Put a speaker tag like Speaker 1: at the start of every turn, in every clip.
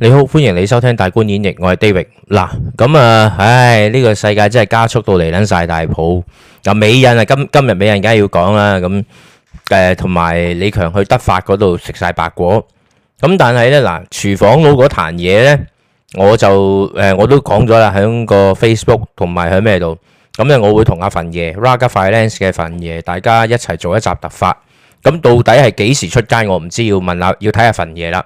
Speaker 1: 你好，歡迎你收聽大觀演繹，我係 David 嗱，咁啊，唉，呢個世界真係加速到嚟捻晒大譜，又美人啊，今今日美人梗係要講啦，咁誒，同埋李強去德法嗰度食晒白果，咁但係咧嗱，廚房佬嗰壇嘢咧，我就誒我都講咗啦，喺個 Facebook 同埋喺咩度，咁咧我會同阿馮爺 Raga Finance 嘅馮爺大家一齊做一集突發，咁到底係幾時出街我唔知，要問下，要睇下馮爺啦。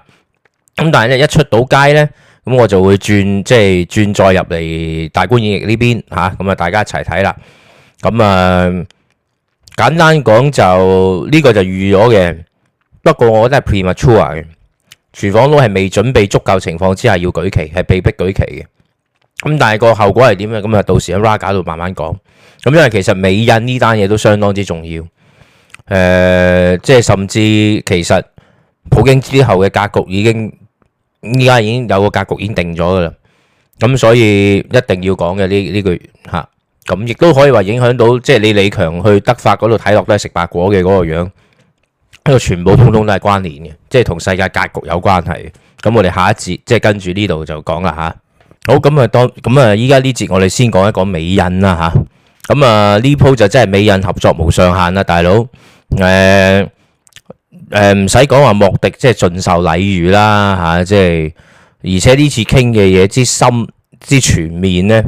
Speaker 1: 咁但係咧一出到街咧，咁我就會轉即係轉再入嚟大觀演繹呢邊吓，咁啊大家一齊睇啦。咁、嗯、啊簡單講就呢、這個就預咗嘅，不過我覺得係 premature 嘅，廚房都係未準備足夠情況之下要舉旗，係被迫舉旗嘅。咁、嗯、但係個後果係點咧？咁、嗯、啊到時喺 Raga 度慢慢講。咁、嗯、因為其實美印呢單嘢都相當之重要，誒、呃，即係甚至其實普京之後嘅格局已經。依家已經有個格局已經定咗嘅啦，咁所以一定要講嘅呢呢句嚇，咁亦都可以話影響到，即係你李強去德法嗰度睇落都係食白果嘅嗰個樣，因為全部通通都係關聯嘅，即係同世界格局有關係。咁我哋下一節即係跟住呢度就講啦吓，好咁、嗯嗯、啊，當、嗯、咁啊，依家呢節我哋先講一講美印啦吓，咁啊呢鋪就真係美印合作無上限啦，大佬誒。嗯。誒，唔使講話莫迪即係盡受禮遇啦吓，即係、啊、而且呢次傾嘅嘢之深之全面咧，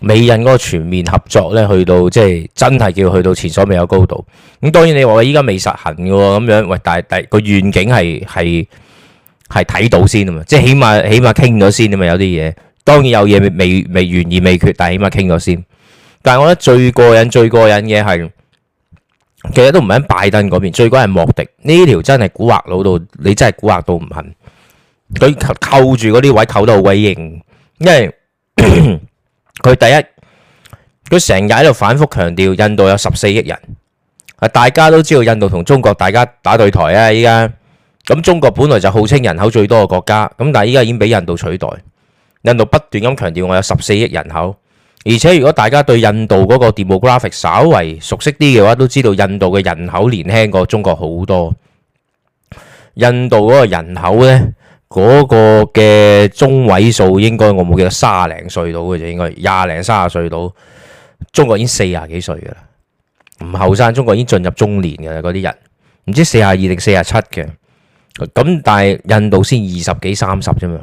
Speaker 1: 美印嗰個全面合作咧，去到即係真係叫去到前所未有高度。咁、嗯、當然你話我依家未實行嘅喎，咁樣喂，但係第個願景係係係睇到先啊嘛，即係起碼起碼傾咗先啊嘛，有啲嘢當然有嘢未未懸而未決，但係起碼傾咗先。但係我覺得最過癮最過癮嘅係。其實都唔係喺拜登嗰邊，最關鍵係莫迪呢條真係蠱惑老到，你真係蠱惑到唔肯。佢扣住嗰啲位扣得好鬼型，因為佢 第一佢成日喺度反覆強調印度有十四億人，大家都知道印度同中國大家打對台啊，依家咁中國本來就號稱人口最多嘅國家，咁但係依家已經俾印度取代，印度不斷咁強調我有十四億人口。而且如果大家對印度嗰個 demographic 稍為熟悉啲嘅話，都知道印度嘅人口年輕過中國好多。印度嗰個人口呢，嗰、嗰個嘅中位數應該我冇記得卅零歲到嘅就應該廿零三十歲到。中國已經四廿幾歲噶啦，唔後生，中國已經進入中年嘅嗰啲人，唔知四廿二定四廿七嘅。咁但係印度先二十幾三十啫嘛，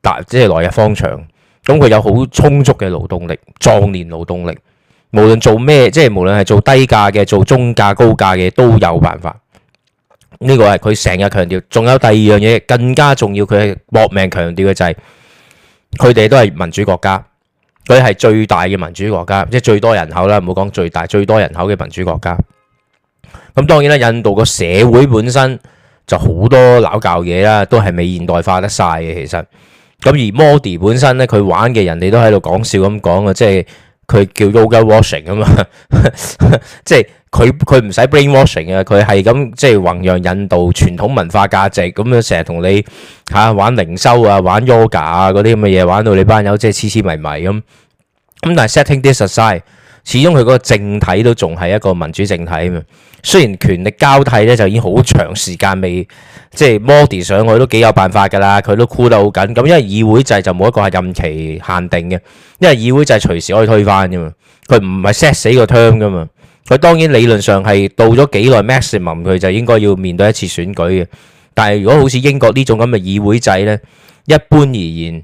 Speaker 1: 但即係來日方長。咁佢有好充足嘅勞動力，壯年勞動力，無論做咩，即係無論係做低價嘅、做中價、高價嘅都有辦法。呢個係佢成日強調。仲有第二樣嘢更加重要，佢係搏命強調嘅就係佢哋都係民主國家，佢係最大嘅民主國家，即係最多人口啦，唔好講最大、最多人口嘅民主國家。咁當然啦，印度個社會本身就好多老舊嘢啦，都係未現代化得晒嘅，其實。咁而 Modi 本身咧，佢玩嘅人哋都喺度講笑咁講啊，即係佢叫 yoga washing 啊嘛，即係佢佢唔使 brainwashing 啊，佢係咁即係弘揚印度傳統文化價值，咁樣成日同你嚇玩靈修啊，玩 yoga 啊嗰啲咁嘅嘢，玩到你班友即係痴痴迷迷咁，咁但係 setting this aside。始終佢嗰個政體都仲係一個民主政體啊嘛，雖然權力交替咧就已經好長時間未即係 Modi 上去都幾有辦法㗎啦，佢都箍得好緊。咁因為議會制就冇一個係任期限定嘅，因為議會制隨時可以推翻㗎嘛，佢唔係 set 死個 term 㗎嘛。佢當然理論上係到咗幾耐 maximum 佢就應該要面對一次選舉嘅。但係如果好似英國呢種咁嘅議會制咧，一般而言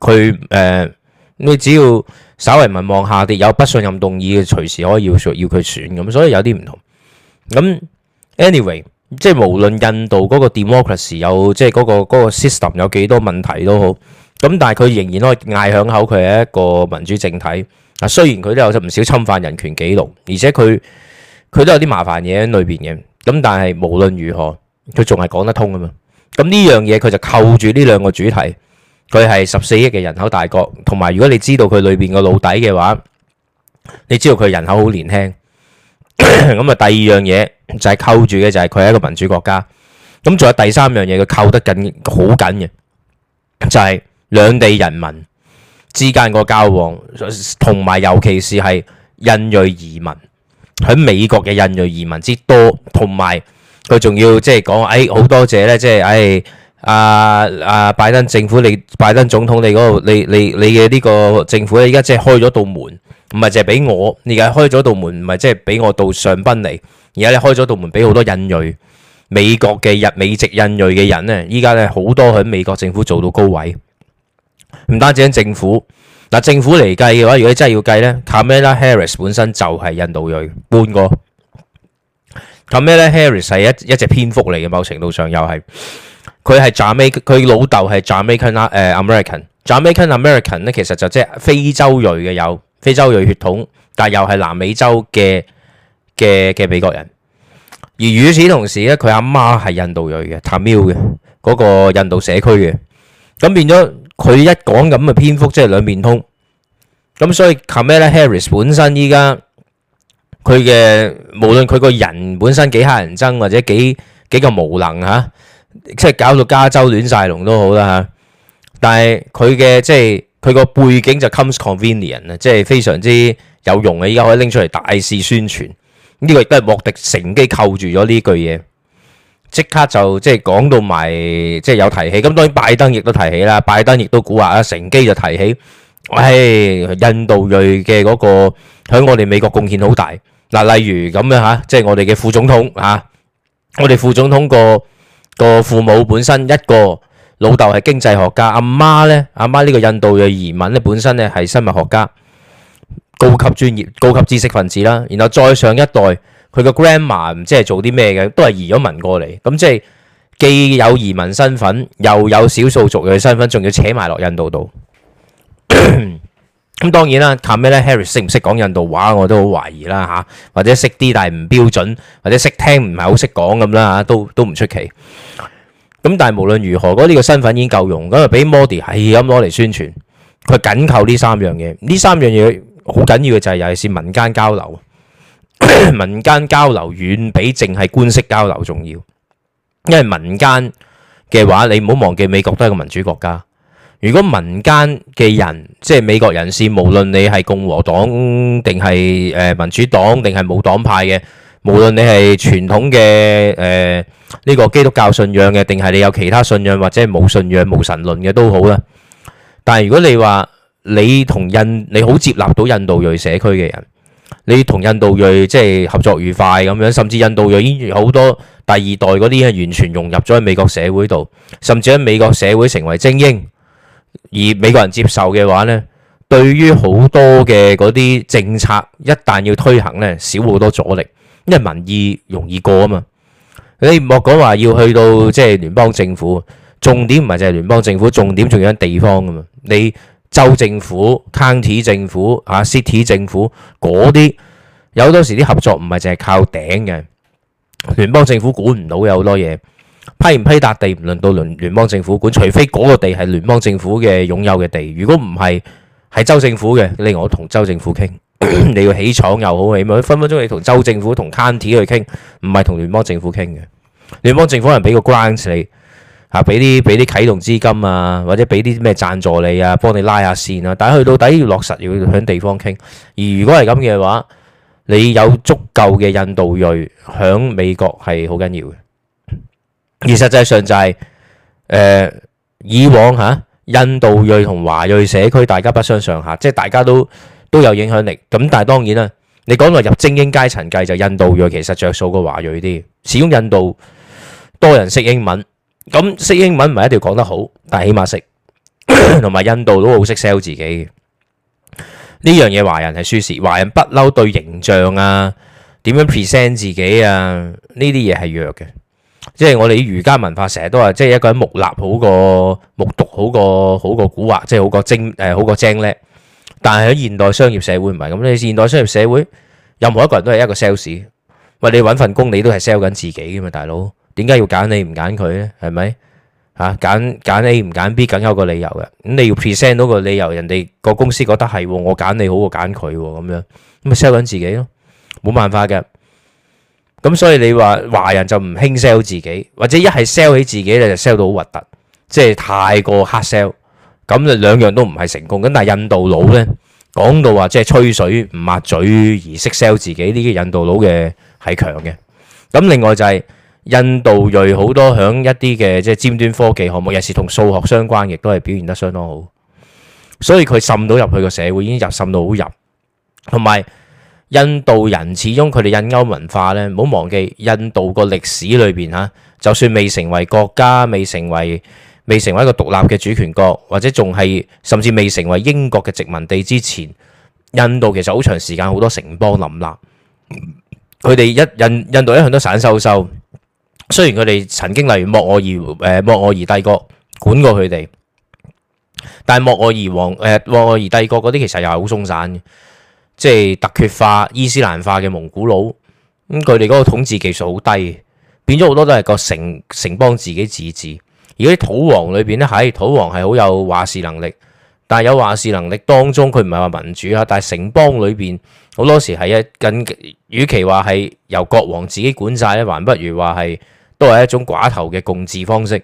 Speaker 1: 佢誒你只要，稍微民望下跌，有不信任動議嘅隨時可以要選，要佢選咁，所以有啲唔同。咁 anyway，即係無論印度嗰個 democracy 有即係嗰個嗰個 system 有幾多問題都好，咁但係佢仍然可以嗌響口，佢係一個民主政體。啊，雖然佢都有唔少侵犯人權記錄，而且佢佢都有啲麻煩嘢喺裏邊嘅，咁但係無論如何，佢仲係講得通㗎嘛。咁呢樣嘢佢就扣住呢兩個主題。佢係十四億嘅人口大國，同埋如果你知道佢裏邊個老底嘅話，你知道佢人口好年輕。咁啊， 第二樣嘢就係扣住嘅就係佢係一個民主國家。咁仲有第三樣嘢，佢扣得緊好緊嘅，就係、是、兩地人民之間個交往，同埋尤其是係印裔移民喺美國嘅印裔移民之多，同埋佢仲要即係講，誒、哎、好多謝咧，即係誒。哎啊！啊，拜登政府，你拜登總統，你嗰度你你你嘅呢個政府咧，依家即係開咗道門，唔係淨係俾我而家開咗道門，唔係即係俾我到上賓嚟。而家你開咗道門俾好多印裔美國嘅日美籍印裔嘅人咧，依家咧好多喺美國政府做到高位，唔單止喺政府嗱，政府嚟計嘅話，如果你真係要計咧，Kamala Harris 本身就係印度裔半個，Kamala Harris 係一一隻蝙蝠嚟嘅，某程度上又係。佢係牙買佢老豆係牙 can American，牙買 can American 咧其實就即係非洲裔，嘅有非洲裔血統，但又係南美洲嘅嘅嘅美國人。而與此同時咧，佢阿媽係印度裔嘅泰米爾嘅嗰個印度社區嘅，咁變咗佢一講咁嘅篇幅即係兩面通。咁所以 k a m a l Harris 本身依家佢嘅無論佢個人本身幾乞人憎或者幾幾個無能嚇。即係搞到加州亂晒龍都好啦吓，但係佢嘅即係佢個背景就 comes convenient 啊，即係非常之有用嘅。依家可以拎出嚟大肆宣傳呢個亦都係莫迪乘機扣住咗呢句嘢，即刻就即係講到埋即係有提起咁。當然拜登亦都提起啦，拜登亦都估話啦，乘機就提起，誒，印度裔嘅嗰個喺我哋美國貢獻好大嗱。例如咁樣吓，即係我哋嘅副總統吓，我哋副總統個。個父母本身一個老豆係經濟學家，阿媽咧，阿媽呢個印度嘅移民咧，本身咧係生物學家，高級專業、高級知識分子啦。然後再上一代佢個 grandma 唔知係做啲咩嘅，都係移咗民過嚟。咁即係既有移民身份，又有少數族裔嘅身份，仲要扯埋落印度度。咁當然啦，Kamala Harris 識唔識講印度話我都好懷疑啦嚇，或者識啲但係唔標準，或者識聽唔係好識講咁啦嚇，都都唔出奇。咁但係無論如何，嗰、這、呢個身份已經夠用，咁啊俾 Modi 係咁攞嚟宣傳，佢緊扣呢三樣嘢，呢三樣嘢好緊要嘅就係尤其是民間交流， 民間交流遠比淨係官式交流重要，因為民間嘅話，你唔好忘記美國都係一個民主國家，如果民間嘅人即係美國人士，無論你係共和黨定係誒民主黨定係冇黨派嘅。無論你係傳統嘅誒呢個基督教信仰嘅，定係你有其他信仰或者係無信仰無神論嘅都好啦。但係如果你話你同印你好接納到印度裔社區嘅人，你同印度裔即係合作愉快咁樣，甚至印度裔已經好多第二代嗰啲係完全融入咗喺美國社會度，甚至喺美國社會成為精英，而美國人接受嘅話呢，對於好多嘅嗰啲政策一旦要推行呢，少好多阻力。因為民意容易過啊嘛，你唔好講話要去到即係聯邦政府，重點唔係淨係聯邦政府，重點仲有地方噶嘛。你州政府、county 政府、啊 city 政府嗰啲，有好多時啲合作唔係淨係靠頂嘅。聯邦政府管唔到有好多嘢，批唔批笪地，唔輪到聯聯邦政府管，除非嗰個地係聯邦政府嘅擁有嘅地，如果唔係，係州政府嘅，你我同州政府傾，你要起廠又好，起碼分分鐘你同州政府同 county 去傾，唔係同聯邦政府傾嘅。聯邦政府人俾個 grant 你，吓，俾啲俾啲啟動資金啊，或者俾啲咩贊助你啊，幫你拉下線啊。但係去到底要落實要響地方傾，而如果係咁嘅話，你有足夠嘅印度裔響美國係好緊要嘅。而實際上就係誒，以往吓印度裔同華裔社區大家不相上下，即係大家都。都有影響力，咁但係當然啦，你講到入精英階層計，就印度裔其實着數過華裔啲，始終印度多人識英文，咁識英文唔係一定要講得好，但係起碼識，同埋印度都好識 sell 自己嘅，呢樣嘢華人係輸蝕，華人不嬲對形象啊，點樣 present 自己啊，呢啲嘢係弱嘅，即係我哋儒家文化成日都話，即係一個人木立好過木讀好過好過古惑，即係好過精誒好過精叻。但係喺現代商業社會唔係咁咧。現代商業社會，任何一個人都係一個 sales。喂，你揾份工，你都係 sell 緊自己噶嘛，大佬？點解要揀你唔揀佢呢？係咪？嚇、啊，揀揀 A 唔揀 B，梗有個理由嘅。咁你要 present 到個理由，人哋個公司覺得係，我揀你好，我揀佢咁樣，咁咪 sell 緊自己咯。冇辦法嘅。咁所以你話華人就唔輕 sell 自己，或者一係 sell 起自己你就 sell 到好核突，即係太過 hard sell。咁兩樣都唔係成功，咁但係印度佬呢，講到話即係吹水唔抹嘴而識 sell 自己，呢啲印度佬嘅係強嘅。咁另外就係印度裔好多響一啲嘅即係尖端科技項目，尤其同數學相關，亦都係表現得相當好。所以佢滲到入去個社會，已經入滲到好入。同埋印度人始終佢哋印歐文化呢，唔好忘記印度個歷史裏邊嚇，就算未成為國家，未成為。未成為一個獨立嘅主權國，或者仲係甚至未成為英國嘅殖民地之前，印度其實好長時間好多城邦林立。佢哋一印印度一向都散修修，雖然佢哋曾經例如莫臥兒誒莫臥兒帝國管過佢哋，但莫臥兒王誒莫臥兒帝國嗰啲其實又係好鬆散嘅，即係突厥化、伊斯蘭化嘅蒙古佬咁，佢哋嗰個統治技術好低，變咗好多都係個城城邦自己自治。而嗰土王裏邊咧，喺土王係好有話事能力，但係有話事能力當中，佢唔係話民主啊。但係城邦裏邊好多時係一近期。與其話係由國王自己管曬咧，還不如話係都係一種寡頭嘅共治方式，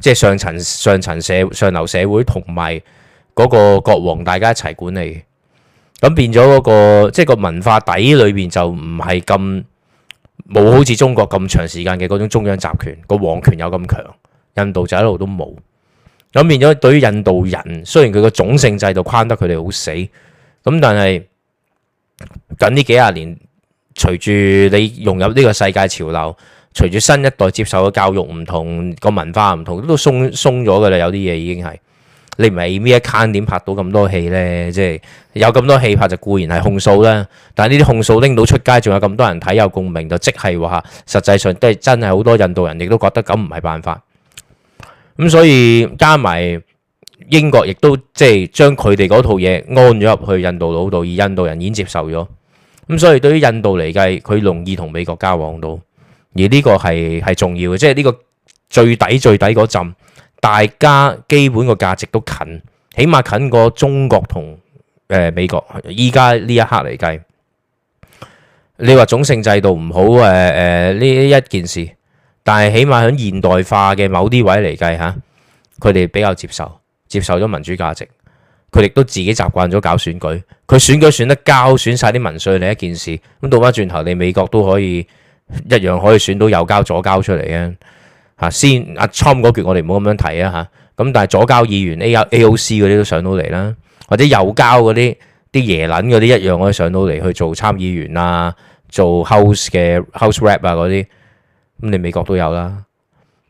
Speaker 1: 即係上層上層社上流社會同埋嗰個國王大家一齊管理。咁變咗嗰、嗰個即係、即係、個文化底裏邊就唔係咁冇好似中國咁長時間嘅嗰種中央集權，個皇權有咁強。印度就一路都冇咁變咗。對於印度人，雖然佢個種姓制度框得佢哋好死，咁但係近呢幾廿年，隨住你融入呢個世界潮流，隨住新一代接受嘅教育唔同，個文化唔同，都鬆鬆咗㗎啦。有啲嘢已經係你唔係咩坑點拍到咁多戲呢？即係有咁多戲拍就固然係控訴啦。但係呢啲控訴拎到出街，仲有咁多人睇有共鳴，就即係話實際上都係真係好多印度人亦都覺得咁唔係辦法。咁、嗯、所以加埋英國，亦都即係將佢哋嗰套嘢安咗入去印度佬度，而印度人已經接受咗。咁、嗯、所以對於印度嚟計，佢容易同美國交往到，而呢個係係重要嘅，即係呢個最底最底嗰陣，大家基本個價值都近，起碼近過中國同誒美國。依家呢一刻嚟計，你話種姓制度唔好誒誒呢一件事。但係起碼喺現代化嘅某啲位嚟計吓，佢哋比較接受，接受咗民主價值。佢哋都自己習慣咗搞選舉，佢選舉選得交選晒啲民粹嚟一件事。咁到翻轉頭，你美國都可以一樣可以選到右交左交出嚟嘅吓。先阿 Trump 嗰橛，我哋唔好咁樣睇啊吓。咁但係左交議員 AOC 嗰啲都上到嚟啦，或者右交嗰啲啲耶撚嗰啲一樣可以上到嚟去做參議員啊，做 House 嘅 House Rep 啊嗰啲。咁你美國都有啦，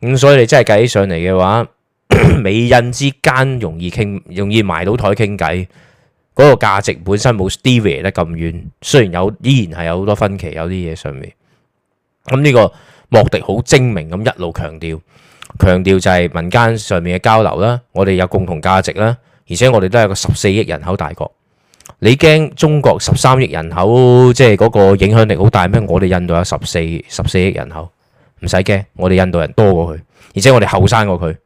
Speaker 1: 咁、嗯、所以你真係計起上嚟嘅話， 美印之間容易傾，容易埋到台傾偈，嗰、那個價值本身冇 deviate 得咁遠，雖然有依然係有好多分歧，有啲嘢上面。咁、嗯、呢、這個莫迪好精明咁一路強調，強調就係民間上面嘅交流啦，我哋有共同價值啦，而且我哋都係個十四億人口大國。你驚中國十三億人口即係嗰個影響力好大咩？我哋印度有十四十四億人口。唔使驚，我哋印度人多過佢，而且我哋後生過佢，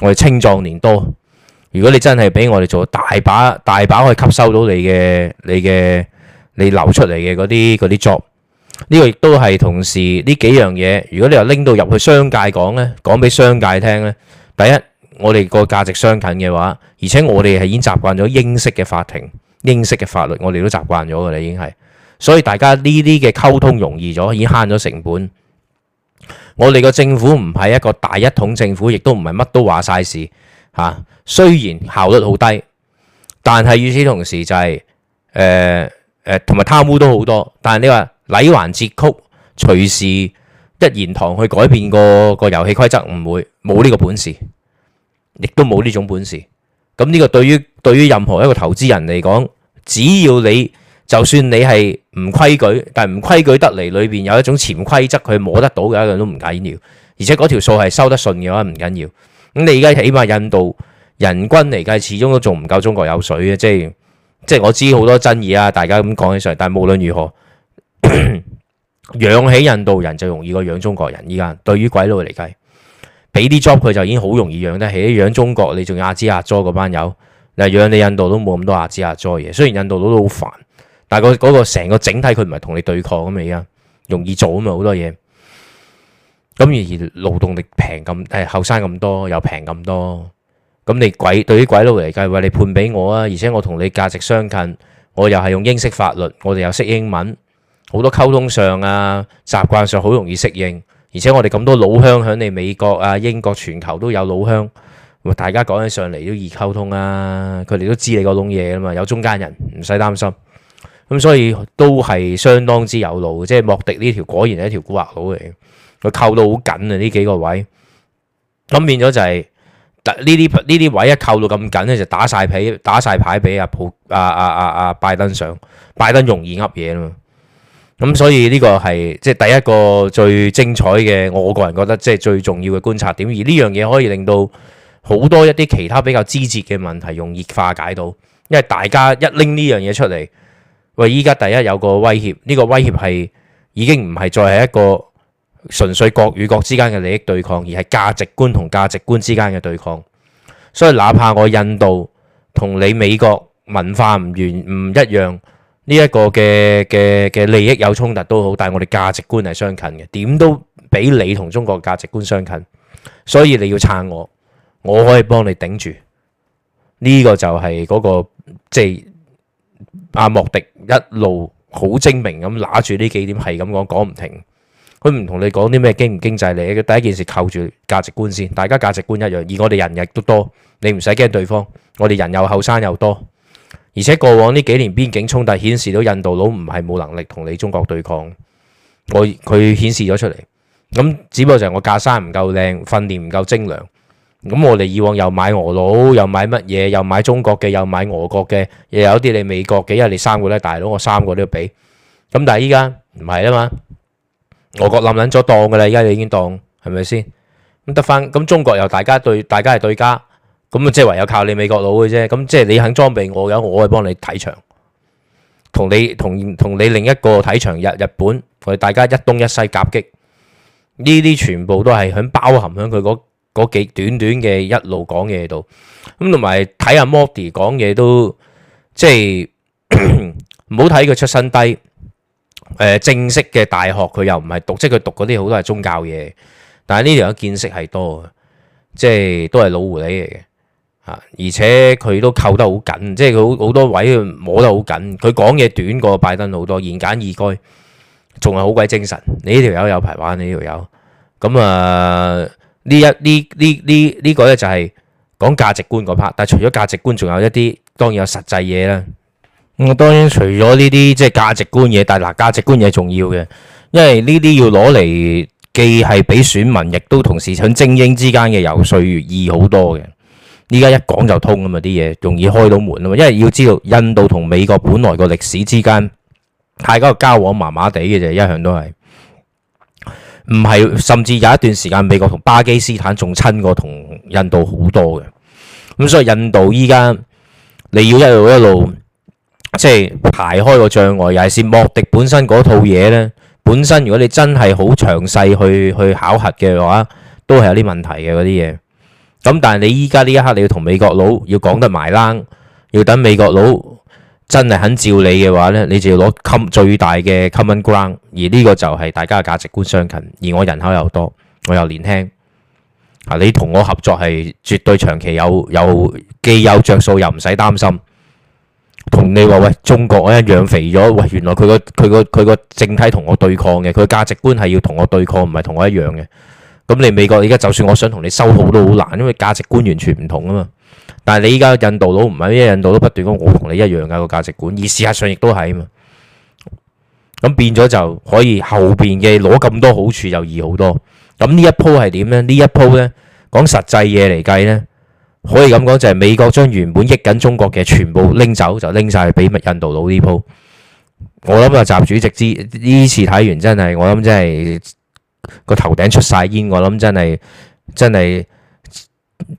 Speaker 1: 我哋青壯年多。如果你真係俾我哋做大把大把去吸收到你嘅你嘅你流出嚟嘅嗰啲啲 job，呢個亦都係同時呢幾樣嘢。如果你又拎到入去商界講呢，講俾商界聽呢。第一我哋個價值相近嘅話，而且我哋係已經習慣咗英式嘅法庭、英式嘅法律，我哋都習慣咗㗎啦，已經係。所以大家呢啲嘅溝通容易咗，已經慳咗成本。我哋個政府唔係一個大一統政府，亦都唔係乜都話晒事吓、啊。雖然效率好低，但係與此同時就係誒誒，同、呃、埋、呃、貪污都好多。但係你話禮還節曲，隨時一言堂去改變個個遊戲規則，唔會冇呢個本事，亦都冇呢種本事。咁、嗯、呢、這個對於對於任何一個投資人嚟講，只要你。就算你係唔規矩，但係唔規矩得嚟，裏邊有一種潛規則，佢摸得到嘅一樣都唔緊要。而且嗰條數係收得順嘅話，唔緊要。咁你而家起碼印度人均嚟計，始終都仲唔夠中國有水嘅，即係即係我知好多爭議啊，大家咁講起上嚟，但係無論如何， 養起印度人就容易過養中國人。依家對於鬼佬嚟計，俾啲 job 佢就已經好容易養得起。養中國你仲要阿支阿左嗰班友。嗱養你印度都冇咁多阿支阿左嘢。雖然印度佬都好煩。但係嗰嗰個成個整體，佢唔係同你對抗咁啊。而家容易做啊嘛，好多嘢咁，而勞動力平咁誒，後生咁多又平咁多，咁你鬼對於鬼佬嚟計，話你判俾我啊。而且我同你價值相近，我又係用英式法律，我哋又識英文，好多溝通上啊，習慣上好容易適應。而且我哋咁多老鄉喺你美國啊、英國全球都有老鄉，大家講起上嚟都易溝通啊。佢哋都知你嗰種嘢啊嘛，有中間人唔使擔心。咁、嗯、所以都係相當之有路，即、就、係、是、莫迪呢條果然係一條古惑佬嚟。佢扣到好緊啊！呢幾個位，咁變咗就係呢啲呢啲位一扣到咁緊咧，就打晒牌打晒牌俾阿普阿阿阿阿拜登上，拜登容易噏嘢啊嘛。咁、嗯、所以呢個係即係第一個最精彩嘅，我個人覺得即係最重要嘅觀察點，而呢樣嘢可以令到好多一啲其他比較枝節嘅問題容易化解到，因為大家一拎呢樣嘢出嚟。喂！依家，第一有個威脅，呢個威脅係已經唔係再係一個純粹國與國之間嘅利益對抗，而係價值觀同價值觀之間嘅對抗。所以哪怕我印度同你美國文化唔完唔一樣，呢一個嘅嘅嘅利益有衝突都好，但係我哋價值觀係相近嘅，點都比你同中國價值觀相近。所以你要撐我，我可以幫你頂住。呢個就係嗰個即係。就是阿、啊、莫迪一路好精明咁拿住呢幾點係咁講講唔停，佢唔同你講啲咩經唔經濟嚟，佢第一件事扣住價值觀先，大家價值觀一樣，而我哋人亦都多，你唔使驚對方，我哋人又後生又多，而且過往呢幾年邊境衝突顯示到印度佬唔係冇能力同你中國對抗，我佢顯示咗出嚟，咁只不過就係我架生唔夠靚，訓練唔夠精良。咁我哋以往又買俄佬，又買乜嘢，又買中國嘅，又買俄國嘅，又有啲你美國嘅，因為你三個咧大佬，我三個都要俾。咁但係依家唔係啊嘛，俄國冧撚咗檔㗎喇，依家你已經檔係咪先？咁得返咁中國又大家對，大家係對家，咁啊即係唯有靠你美國佬嘅啫。咁即係你肯裝備我嘅，我會幫你睇場，同你同同你另一個睇場日日本，我哋大家一東一西夾擊，呢啲全部都係響包含響佢嗰。嗰幾短短嘅一路講嘢度，咁同埋睇阿 Modi 講嘢都即係唔好睇佢出身低，誒、呃、正式嘅大學佢又唔係讀，即係佢讀嗰啲好多係宗教嘢，但係呢條友見識係多即係都係老狐狸嚟嘅嚇，而且佢都扣得好緊，即係佢好好多位摸得好緊，佢講嘢短過拜登好多，言簡意賅，仲係好鬼精神。你呢條友有排玩，你呢條友咁啊！呢一呢呢呢呢個咧就係講價值觀嗰 part，但係除咗價值觀，仲有一啲當然有實際嘢啦。我當然除咗呢啲即係價值觀嘢，但嗱價值觀嘢重要嘅，因為呢啲要攞嚟既係俾選民，亦都同時喺精英之間嘅游説易好多嘅。依家一講就通啊嘛，啲嘢容易開到門啊嘛，因為要知道印度同美國本來個歷史之間太多交往麻麻地嘅啫，一向都係。唔係，甚至有一段時間，美國同巴基斯坦仲親過同印度好多嘅。咁所以印度依家你要一路一路即係、就是、排開個障礙，尤其係莫迪本身嗰套嘢呢，本身如果你真係好詳細去去考核嘅話，都係有啲問題嘅嗰啲嘢。咁但係你依家呢一刻，你要同美國佬要講得埋欄，要等美國佬。真係肯照你嘅話呢，你就要攞最大嘅 common ground，而呢個就係大家嘅價值觀相近。而我人口又多，我又年輕，啊！你同我合作係絕對長期有有，既有着數又唔使擔心。同你話喂，中國我一養肥咗，喂，原來佢個佢個佢個政體同我對抗嘅，佢價值觀係要同我對抗，唔係同我一樣嘅。咁你美國而家就算我想同你修好都好難，因為價值觀完全唔同啊嘛。但係你依家印度佬唔係咩？印度佬不斷講我同你一樣㗎個價值觀，而事實上亦都係啊嘛。咁變咗就可以後邊嘅攞咁多好處就易好多。咁呢一鋪係點咧？呢一鋪咧講實際嘢嚟計咧，可以咁講就係美國將原本益緊中國嘅全部拎走，就拎曬俾印度佬呢鋪。我諗啊，習主席知呢次睇完真係，我諗真係個頭頂出曬煙，我諗真係真係。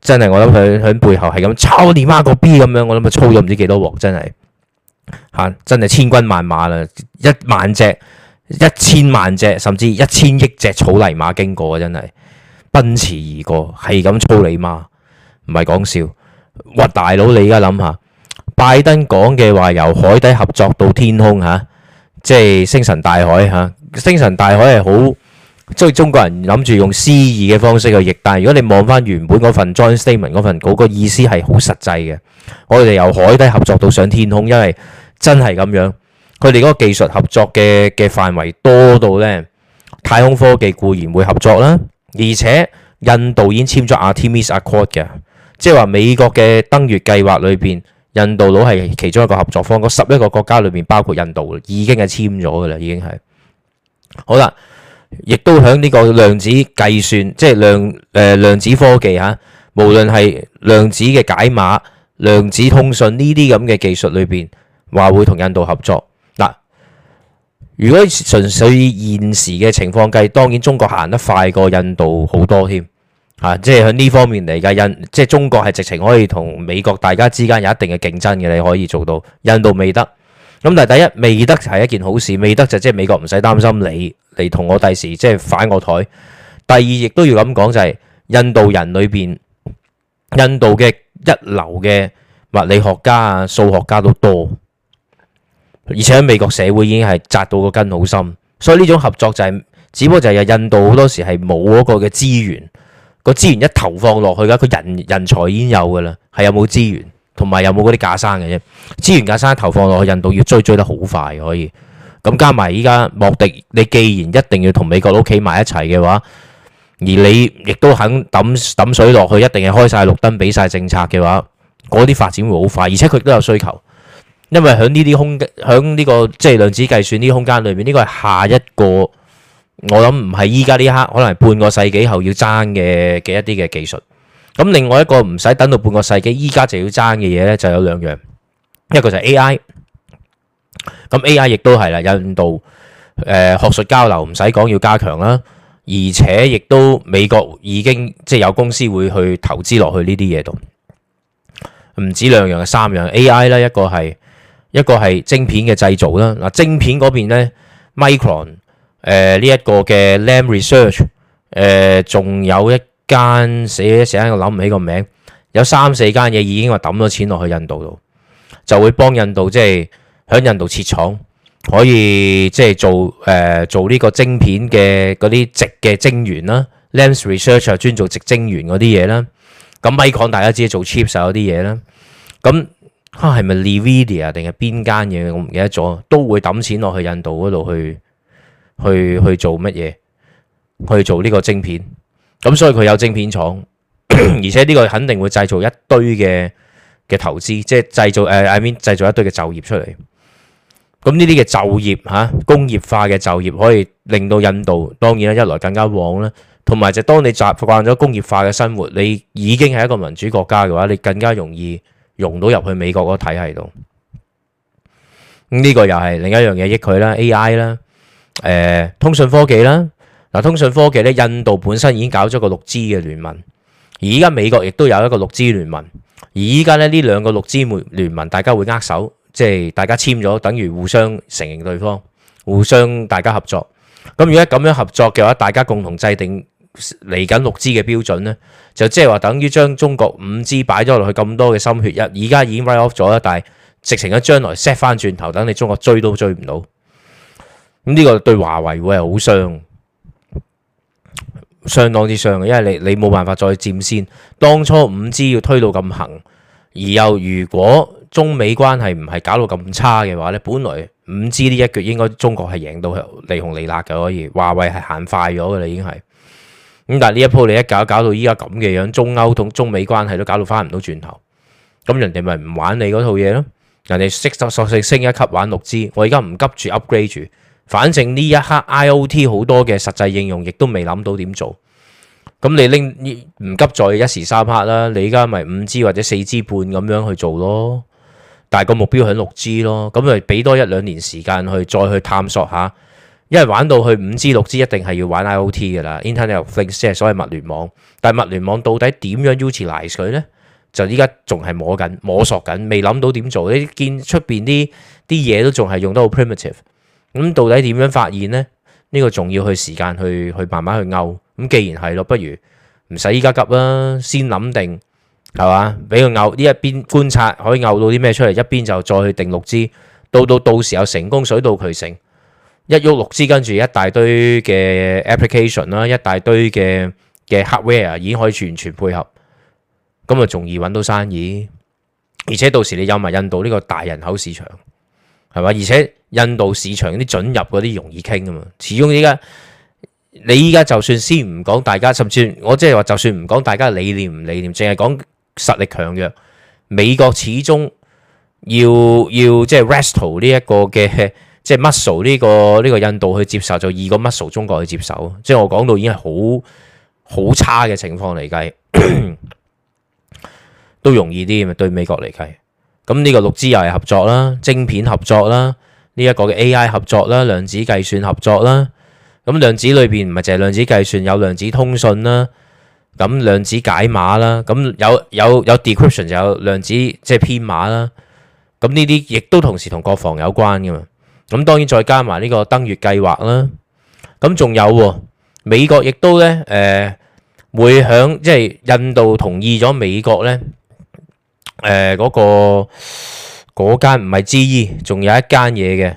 Speaker 1: 真係我諗佢喺背後係咁操你媽個 B 咁樣，我諗佢操咗唔知幾多鑊，真係吓、啊，真係千軍萬馬啦，一萬隻、一千萬隻，甚至一千億隻草泥馬經過，真係奔馳而過，係咁操你媽，唔係講笑。哇，大佬你而家諗下，拜登講嘅話由海底合作到天空吓、啊，即係星辰大海吓、啊，星辰大海係好。即係中國人諗住用詩意嘅方式去譯，但係如果你望翻原本嗰份 Joint Statement 嗰份稿，個意思係好實際嘅。我哋由海底合作到上天空，因為真係咁樣，佢哋嗰個技術合作嘅嘅範圍多到呢，太空科技固然會合作啦，而且印度已經簽咗 Artemis Accord 嘅，即係話美國嘅登月計劃裏邊，印度佬係其中一個合作方。個十一個國家裏面，包括印度已經係簽咗噶啦，已經係好啦。亦都喺呢個量子計算，即係量誒、呃、量子科技嚇，無論係量子嘅解碼、量子通訊呢啲咁嘅技術裏邊，話會同印度合作嗱。如果純粹以現時嘅情況計，當然中國行得快過印度好多添嚇、啊，即係喺呢方面嚟嘅印，即係中國係直情可以同美國大家之間有一定嘅競爭嘅，你可以做到印度未得。咁但係第一未得就係一件好事，未得就即係美國唔使擔心你。嚟同我第時即係反我台。第二亦都要咁講就係、是、印度人裏邊，印度嘅一流嘅物理學家啊、數學家都多，而且喺美國社會已經係扎到個根好深。所以呢種合作就係、是，只不過就係印度好多時係冇嗰個嘅資源，個資源一投放落去啦，佢人人才已經有㗎喇，係有冇資源同埋有冇嗰啲架生嘅啫。資源架生一投放落去，印度要追追得好快可以。咁加埋依家莫迪，你既然一定要同美國佬企埋一齊嘅話，而你亦都肯抌抌水落去，一定係開曬綠燈、俾曬政策嘅話，嗰啲發展會好快，而且佢都有需求。因為喺呢啲空間，喺呢個即係量子計算呢啲空間裏面，呢個係下一個我諗唔係依家呢刻，可能係半個世紀後要爭嘅嘅一啲嘅技術。咁另外一個唔使等到半個世紀，依家就要爭嘅嘢咧，就有兩樣，一個就係 AI。咁 A.I. 亦都係啦，印度誒、呃、學術交流唔使講，要加強啦。而且亦都美國已經即係有公司會去投資落去呢啲嘢度，唔止兩樣，係三樣 A.I. 啦，一個係一個係晶片嘅製造啦。嗱、啊，晶片嗰邊咧，Micron 誒呢一、呃這個嘅 Lam Research 誒、呃，仲有一間一時間我諗唔起個名，有三四間嘢已經話抌咗錢落去印度度，就會幫印度即係。喺印度設廠可以即係做誒、呃、做呢個晶片嘅嗰啲直嘅晶圓啦，Lam Research 啊、er、專做直晶圓嗰啲嘢啦，咁咪講大家知做 chip 晒嗰啲嘢啦，咁啊係咪 Nvidia 定係邊間嘢我唔記得咗，都會抌錢落去印度嗰度去去去做乜嘢，去做呢個晶片，咁所以佢有晶片廠， 而且呢個肯定會製造一堆嘅嘅投資，即係製造誒、uh, I mean 製造一堆嘅就業出嚟。咁呢啲嘅就業嚇工業化嘅就業可以令到印度當然咧一來更加旺啦，同埋就當你習慣咗工業化嘅生活，你已經係一個民主國家嘅話，你更加容易融到入去美國嗰個體系度。呢、呢個又係另一樣嘢益佢啦，AI 啦、呃，誒通訊科技啦。嗱通訊科技呢，印度本身已經搞咗個六 G 嘅聯盟，而家美國亦都有一個六 G 聯盟，而依家呢，呢兩個六 G 聯聯盟大家會握手。即係大家簽咗，等於互相承認對方，互相大家合作。咁如果咁樣合作嘅話，大家共同制定嚟緊六 G 嘅標準呢，就即係話等於將中國五 G 擺咗落去咁多嘅心血一而家已經 write off 咗啦。但係直情一將來 set 翻轉頭，等你中國追都追唔到。咁呢個對華為會係好傷，相當之傷嘅，因為你你冇辦法再佔先。當初五 G 要推到咁行。而又如果中美關係唔係搞到咁差嘅話呢，本來五支呢一腳應該中國係贏到利紅利辣嘅，可以，華為係行快咗嘅啦已經係。咁但係呢一鋪你一搞搞到依家咁嘅樣，中歐同中美關係都搞到翻唔到轉頭，咁人哋咪唔玩你嗰套嘢咯？人哋識得索性升一級玩六支，我而家唔急住 upgrade 住，反正呢一刻 IOT 好多嘅實際應用亦都未諗到點做。咁你拎唔急在一時三刻啦，你依家咪五 G 或者四 G 半咁樣去做咯，但係個目標喺六 G 咯，咁咪俾多一兩年時間去再去探索下，因為玩到去五 G、六 G 一定係要玩 IOT 噶啦，Internet of Things 即係所謂物聯網，但係物聯網到底點樣 utilize 佢呢？就依家仲係摸緊、摸索緊，未諗到點做。你見出邊啲啲嘢都仲係用得好 primitive，咁到底點樣發現呢？呢個仲要去時間去去慢慢去勾。咁既然係咯，不如唔使依家急啦，先諗定係嘛，俾佢拗呢一邊觀察，可以拗到啲咩出嚟，一邊就再去定 6G，到到到時候成功水到渠成，一喐 6G，跟住一大堆嘅 application 啦，一大堆嘅嘅 hardware 已經可以完全配合，咁啊容易揾到生意，而且到時你有埋印度呢個大人口市場，係嘛？而且印度市場啲准入嗰啲容易傾啊嘛，始終依家。你依家就算先唔講大家，甚至我即係話，就算唔講大家理念唔理念，淨係講實力強弱，美國始終要要即係 restle 呢一個嘅即係 muscle 呢個呢個印度去接受，就易過 muscle 中國去接受。即係我講到已經係好好差嘅情況嚟計， 都容易啲咪對美國嚟計。咁呢個六 G 又係合作啦，晶片合作啦，呢一個嘅 AI 合作啦，量子計算合作啦。咁量子裏邊唔係淨係量子計算，有量子通訊啦，咁量子解碼啦，咁有有有 decryption 就有量子即係、就是、編碼啦，咁呢啲亦都同時同國防有關噶嘛，咁當然再加埋呢個登月計劃啦，咁仲有美國亦都咧誒會響即係印度同意咗美國咧誒嗰個間唔係 GE，仲有一間嘢嘅，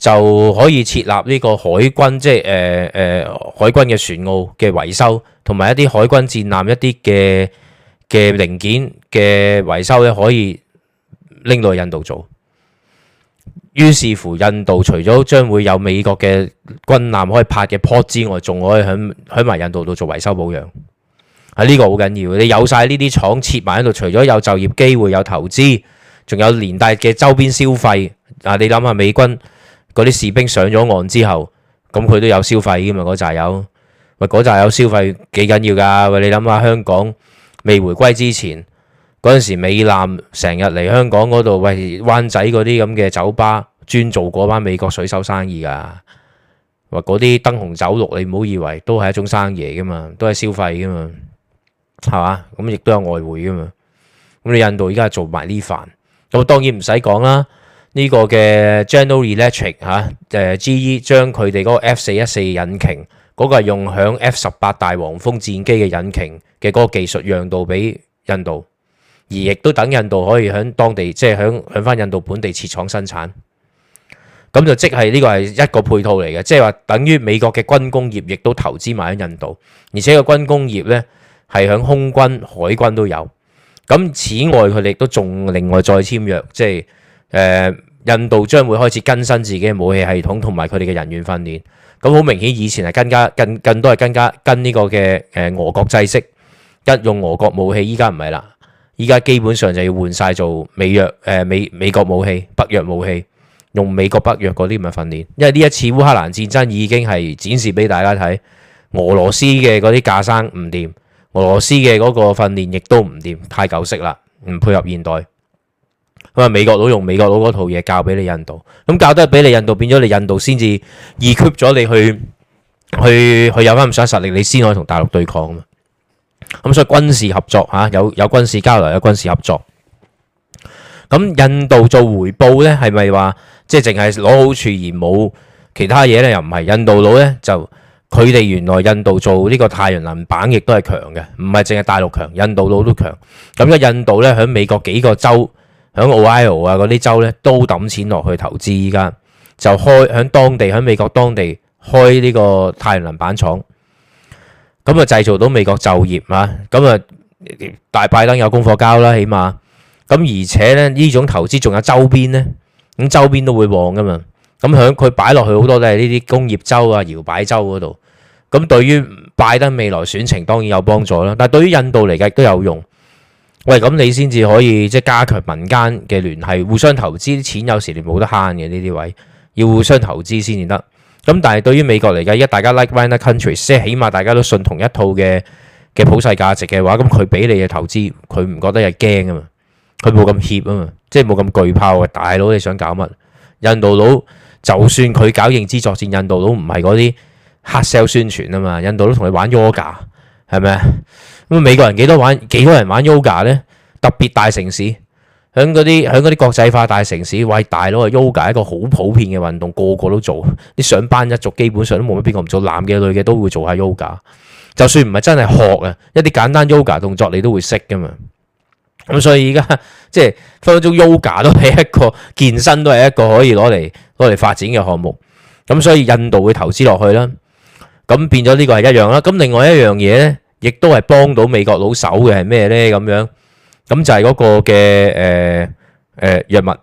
Speaker 1: 就可以設立呢個海軍，即係誒誒海軍嘅船塢嘅維修，同埋一啲海軍戰艦一啲嘅嘅零件嘅維修咧，可以拎到去印度做。於是乎，印度除咗將會有美國嘅軍艦可以拍嘅泊之外，仲可以響響埋印度度做維修保養。喺、啊、呢、呢個好緊要，你有晒呢啲廠設埋喺度，除咗有就業機會、有投資，仲有連帶嘅周邊消費。嗱、啊，你諗下，美軍。嗰啲士兵上咗岸之後，咁佢都有消費噶嘛？嗰扎油，喂，嗰扎油消費幾緊要噶？喂，你諗下香港未回歸之前嗰陣時，美艦成日嚟香港嗰度，喂，灣仔嗰啲咁嘅酒吧專做嗰班美國水手生意噶，喂嗰啲燈紅酒綠，你唔好以為都係一種生意噶嘛，都係消費噶嘛，係嘛？咁亦都有外匯噶嘛？咁你印度而家係做埋呢份，咁當然唔使講啦。呢個嘅 General Electric 嚇、啊，誒 GE 將佢哋嗰個 F 四一四引擎嗰，嗰個係用響 F 十八大黃蜂戰機嘅引擎嘅嗰個技術讓渡俾印度，而亦都等印度可以響當地即係響響返印度本地設廠生產。咁就即係呢個係一個配套嚟嘅，即係話等於美國嘅軍工業亦都投資埋喺印度，而且個軍工業咧係響空軍、海軍都有。咁此外佢哋都仲另外再簽約，即係。印度將會開始更新自己嘅武器系統同埋佢哋嘅人員訓練。咁好明顯，以前係更加更更多係更加跟呢個嘅誒俄國制式，一用俄國武器，依家唔係啦，依家基本上就要換晒做美約誒、呃、美美國武器、北約武器，用美國北約嗰啲咁嘅訓練。因為呢一次烏克蘭戰爭已經係展示俾大家睇，俄羅斯嘅嗰啲架生唔掂，俄羅斯嘅嗰個訓練亦都唔掂，太舊式啦，唔配合現代。咁啊，美國佬用美國佬嗰套嘢教俾你印度，咁教得俾你印度，變咗你印度先至 equip 咗你去去去有翻唔少實力，你先可以同大陸對抗啊！咁所以軍事合作吓，有有軍事交流，有軍事合作。咁印度做回報咧，係咪話即係淨係攞好處而冇其他嘢咧？又唔係，印度佬咧就佢哋原來印度做呢個太陽能板亦都係強嘅，唔係淨係大陸強，印度佬都強。咁嘅印度咧喺美國幾個州，喺 Ohio 啊嗰啲州咧都抌錢落去投資，依家就開喺當地喺美國當地開呢個太陽能板廠，咁啊製造到美國就業啊，咁啊大拜登有功課交啦，起碼，咁而且咧呢種投資仲有周邊咧，咁周邊都會旺㗎嘛，咁響佢擺落去好多都係呢啲工業州啊搖擺州嗰度，咁對於拜登未來選情當然有幫助啦，但對於印度嚟嘅都有用。喂，咁你先至可以即係加強民間嘅聯繫，互相投資啲錢，有時你冇得慳嘅呢啲位，要互相投資先至得。咁但係對於美國嚟講，一大家 like-minded countries，即係起碼大家都信同一套嘅嘅普世價值嘅話，咁佢俾你嘅投資，佢唔覺得係驚啊嘛，佢冇咁怯啊嘛，即係冇咁懼怕啊！大佬你想搞乜？印度佬就算佢搞認知作戰，印度佬唔係嗰啲黑 sell 宣傳啊嘛，印度佬同你玩 yoga。係咪啊？咁、嗯、美國人幾多玩幾多人玩 yoga 咧？特別大城市，響嗰啲響啲國際化大城市，喂大佬啊，yoga 一個好普遍嘅運動，個個都做。啲上班一族基本上都冇乜邊個唔做，男嘅女嘅都會做下 yoga。就算唔係真係學啊，一啲簡單 yoga 動作你都會識㗎嘛。咁、嗯、所以依家即係分分鐘 yoga 都係一個健身都係一個可以攞嚟攞嚟發展嘅項目。咁、嗯、所以印度會投資落去啦。咁變咗呢個係一樣啦。咁另外一樣嘢咧，亦都係幫到美國佬手嘅係咩咧？咁樣咁就係嗰個嘅誒誒藥物。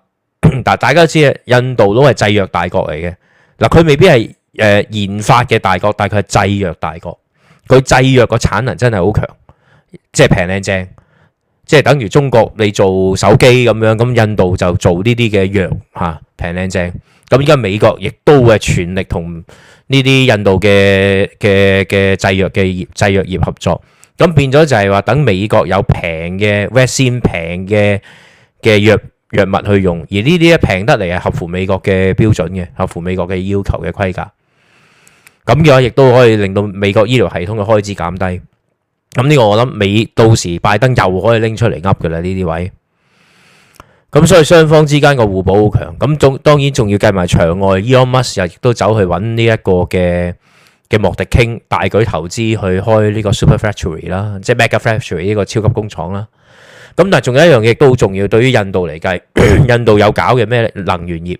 Speaker 1: 嗱， 大家知啊，印度都係製藥大國嚟嘅。嗱，佢未必係誒、呃、研發嘅大國，但係佢係製藥大國。佢製藥個產能真係好強，即係平靚正，即係等於中國你做手機咁樣，咁印度就做呢啲嘅藥嚇平靚正。咁而家美國亦都會係全力同。呢啲印度嘅嘅嘅製藥嘅業製藥業合作，咁變咗就係話等美國有平嘅 vaccine 平嘅嘅藥藥物去用，而呢啲咧平得嚟係合乎美國嘅標準嘅，合乎美國嘅要求嘅規格。咁嘅話亦都可以令到美國醫療系統嘅開支減低。咁呢個我諗美到時拜登又可以拎出嚟噏㗎喇，呢啲位。咁所以雙方之間個互補好強。咁，總當然仲要計埋場外，Elon Musk 又亦都走去揾呢一個嘅嘅莫迪傾大舉投資去開呢個 super factory 啦，即係 mega factory 呢個超級工廠啦。咁但係仲有一樣嘢都好重要，對於印度嚟計， 印度有搞嘅咩能源業、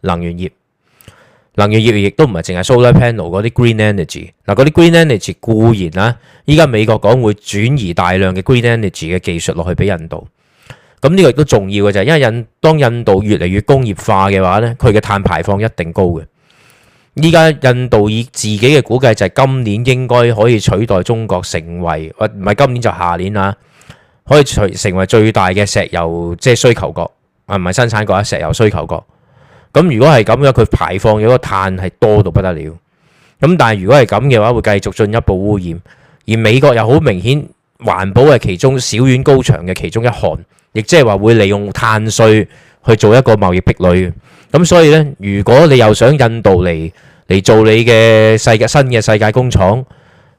Speaker 1: 能源業、能源業，亦都唔係淨係 solar panel 嗰啲 green energy 嗱。嗰啲 green energy 固然啦，依家美國講會轉移大量嘅 green energy 嘅技術落去俾印度。咁呢個亦都重要嘅就係，因為印當印度越嚟越工業化嘅話呢，佢嘅碳排放一定高嘅。依家印度以自己嘅估計就係今年應該可以取代中國成為，唔係今年就係下年啦，可以成成為最大嘅石油即係需求國，唔係生產國啊，石油需求國。咁如果係咁樣，佢排放嘅個碳係多到不得了。咁但係如果係咁嘅話，會繼續進一步污染。而美國又好明顯，環保係其中小院高牆嘅其中一項。亦即係話會利用碳稅去做一個貿易壁壘嘅。咁，所以呢，如果你又想印度嚟嚟做你嘅世界新嘅世界工廠，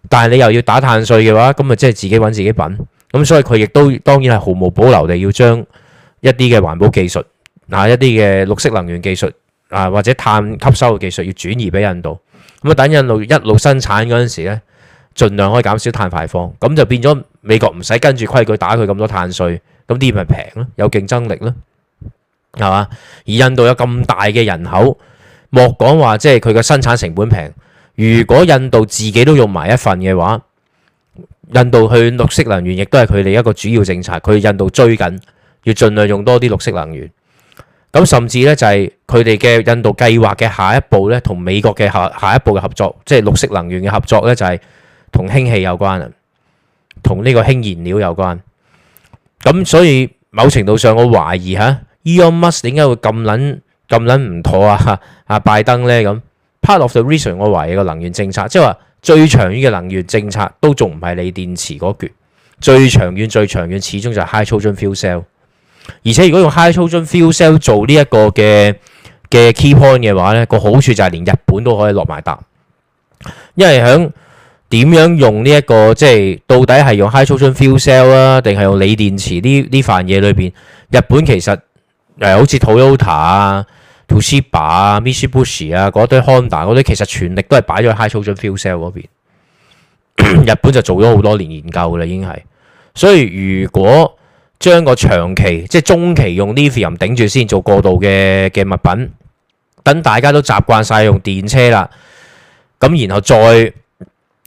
Speaker 1: 但係你又要打碳稅嘅話，咁咪即係自己揾自己品咁。所以佢亦都當然係毫無保留地要將一啲嘅環保技術啊，一啲嘅綠色能源技術啊，或者碳吸收嘅技術要轉移俾印度咁啊。等印度一路生產嗰陣時呢，盡量可以減少碳排放，咁就變咗美國唔使跟住規矩打佢咁多碳稅。咁呢啲咪平咯，有競爭力咯，係嘛？而印度有咁大嘅人口，莫講話即係佢嘅生產成本平。如果印度自己都用埋一份嘅話，印度去綠色能源亦都係佢哋一個主要政策。佢印度追緊，要盡量用多啲綠色能源。咁甚至呢，就係佢哋嘅印度計劃嘅下一步呢，同美國嘅下下一步嘅合作，即係綠色能源嘅合作呢，就係同氫氣有關啊，同呢個氫燃料有關。咁所以某程度上我懷疑嚇，Elon Musk 點解會咁撚咁撚唔妥啊？哈 啊拜登呢，咁，part of the reason 我懷疑個能源政策，即係話最長遠嘅能源政策都仲唔係鋰電池嗰橛，最長遠最長遠始終就係 hydrogen fuel cell。Sell, 而且如果用 hydrogen fuel cell 做呢一個嘅嘅 key point 嘅話呢，個好處就係連日本都可以落埋單，因為響。點樣用呢、這、一個即係到底係用 hydrogen fuel cell 啊，定係用鋰電池呢？呢份嘢裏邊，日本其實誒好似 Toyota 啊、Toshiba 啊、Mitsubishi 啊嗰堆 Honda 嗰堆，其實全力都係擺咗喺 hydrogen fuel cell 嗰邊咳喊。日本就做咗好多年研究啦，已經係。所以如果將個長期即係中期用 Lithium 頂住先，做過渡嘅嘅物品，等大家都習慣晒用電車啦，咁然後再。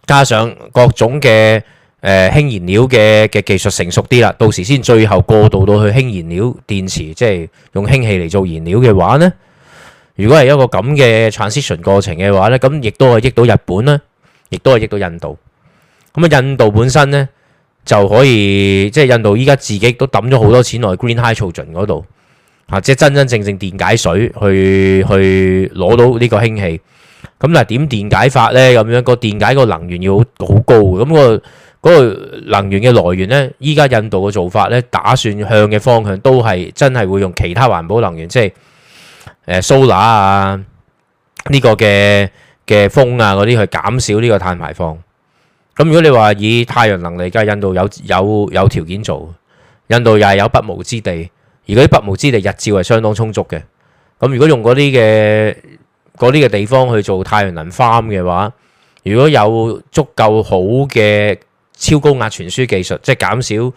Speaker 1: 加上各種嘅誒、呃、氫燃料嘅嘅技術成熟啲啦，到時先最後過渡到去氫燃料電池，即係用氫氣嚟做燃料嘅話呢。如果係一個咁嘅 transition 過程嘅話呢，咁亦都係益到日本啦，亦都係益到印度。咁啊，印度本身呢，就可以，即係印度依家自己都揼咗好多錢落去 green hydrogen 嗰度，啊，即係真真正正正電解水去去攞到呢個氫氣。咁嗱，點電解法咧？咁樣個電解個能源要好好高嘅。咁個嗰個能源嘅來源咧，依家印度嘅做法咧，打算向嘅方向都係真係會用其他環保能源，即係誒 solar 啊，呢個嘅嘅風啊嗰啲去減少呢個碳排放。咁如果你話以太陽能嚟計，而家印度有有有條件做，印度又係有不毛之地，而嗰啲不毛之地日照係相當充足嘅。咁如果用嗰啲嘅。嗰啲嘅地方去做太陽能 farm 嘅話，如果有足夠好嘅超高壓傳輸技術，即係減少誒誒、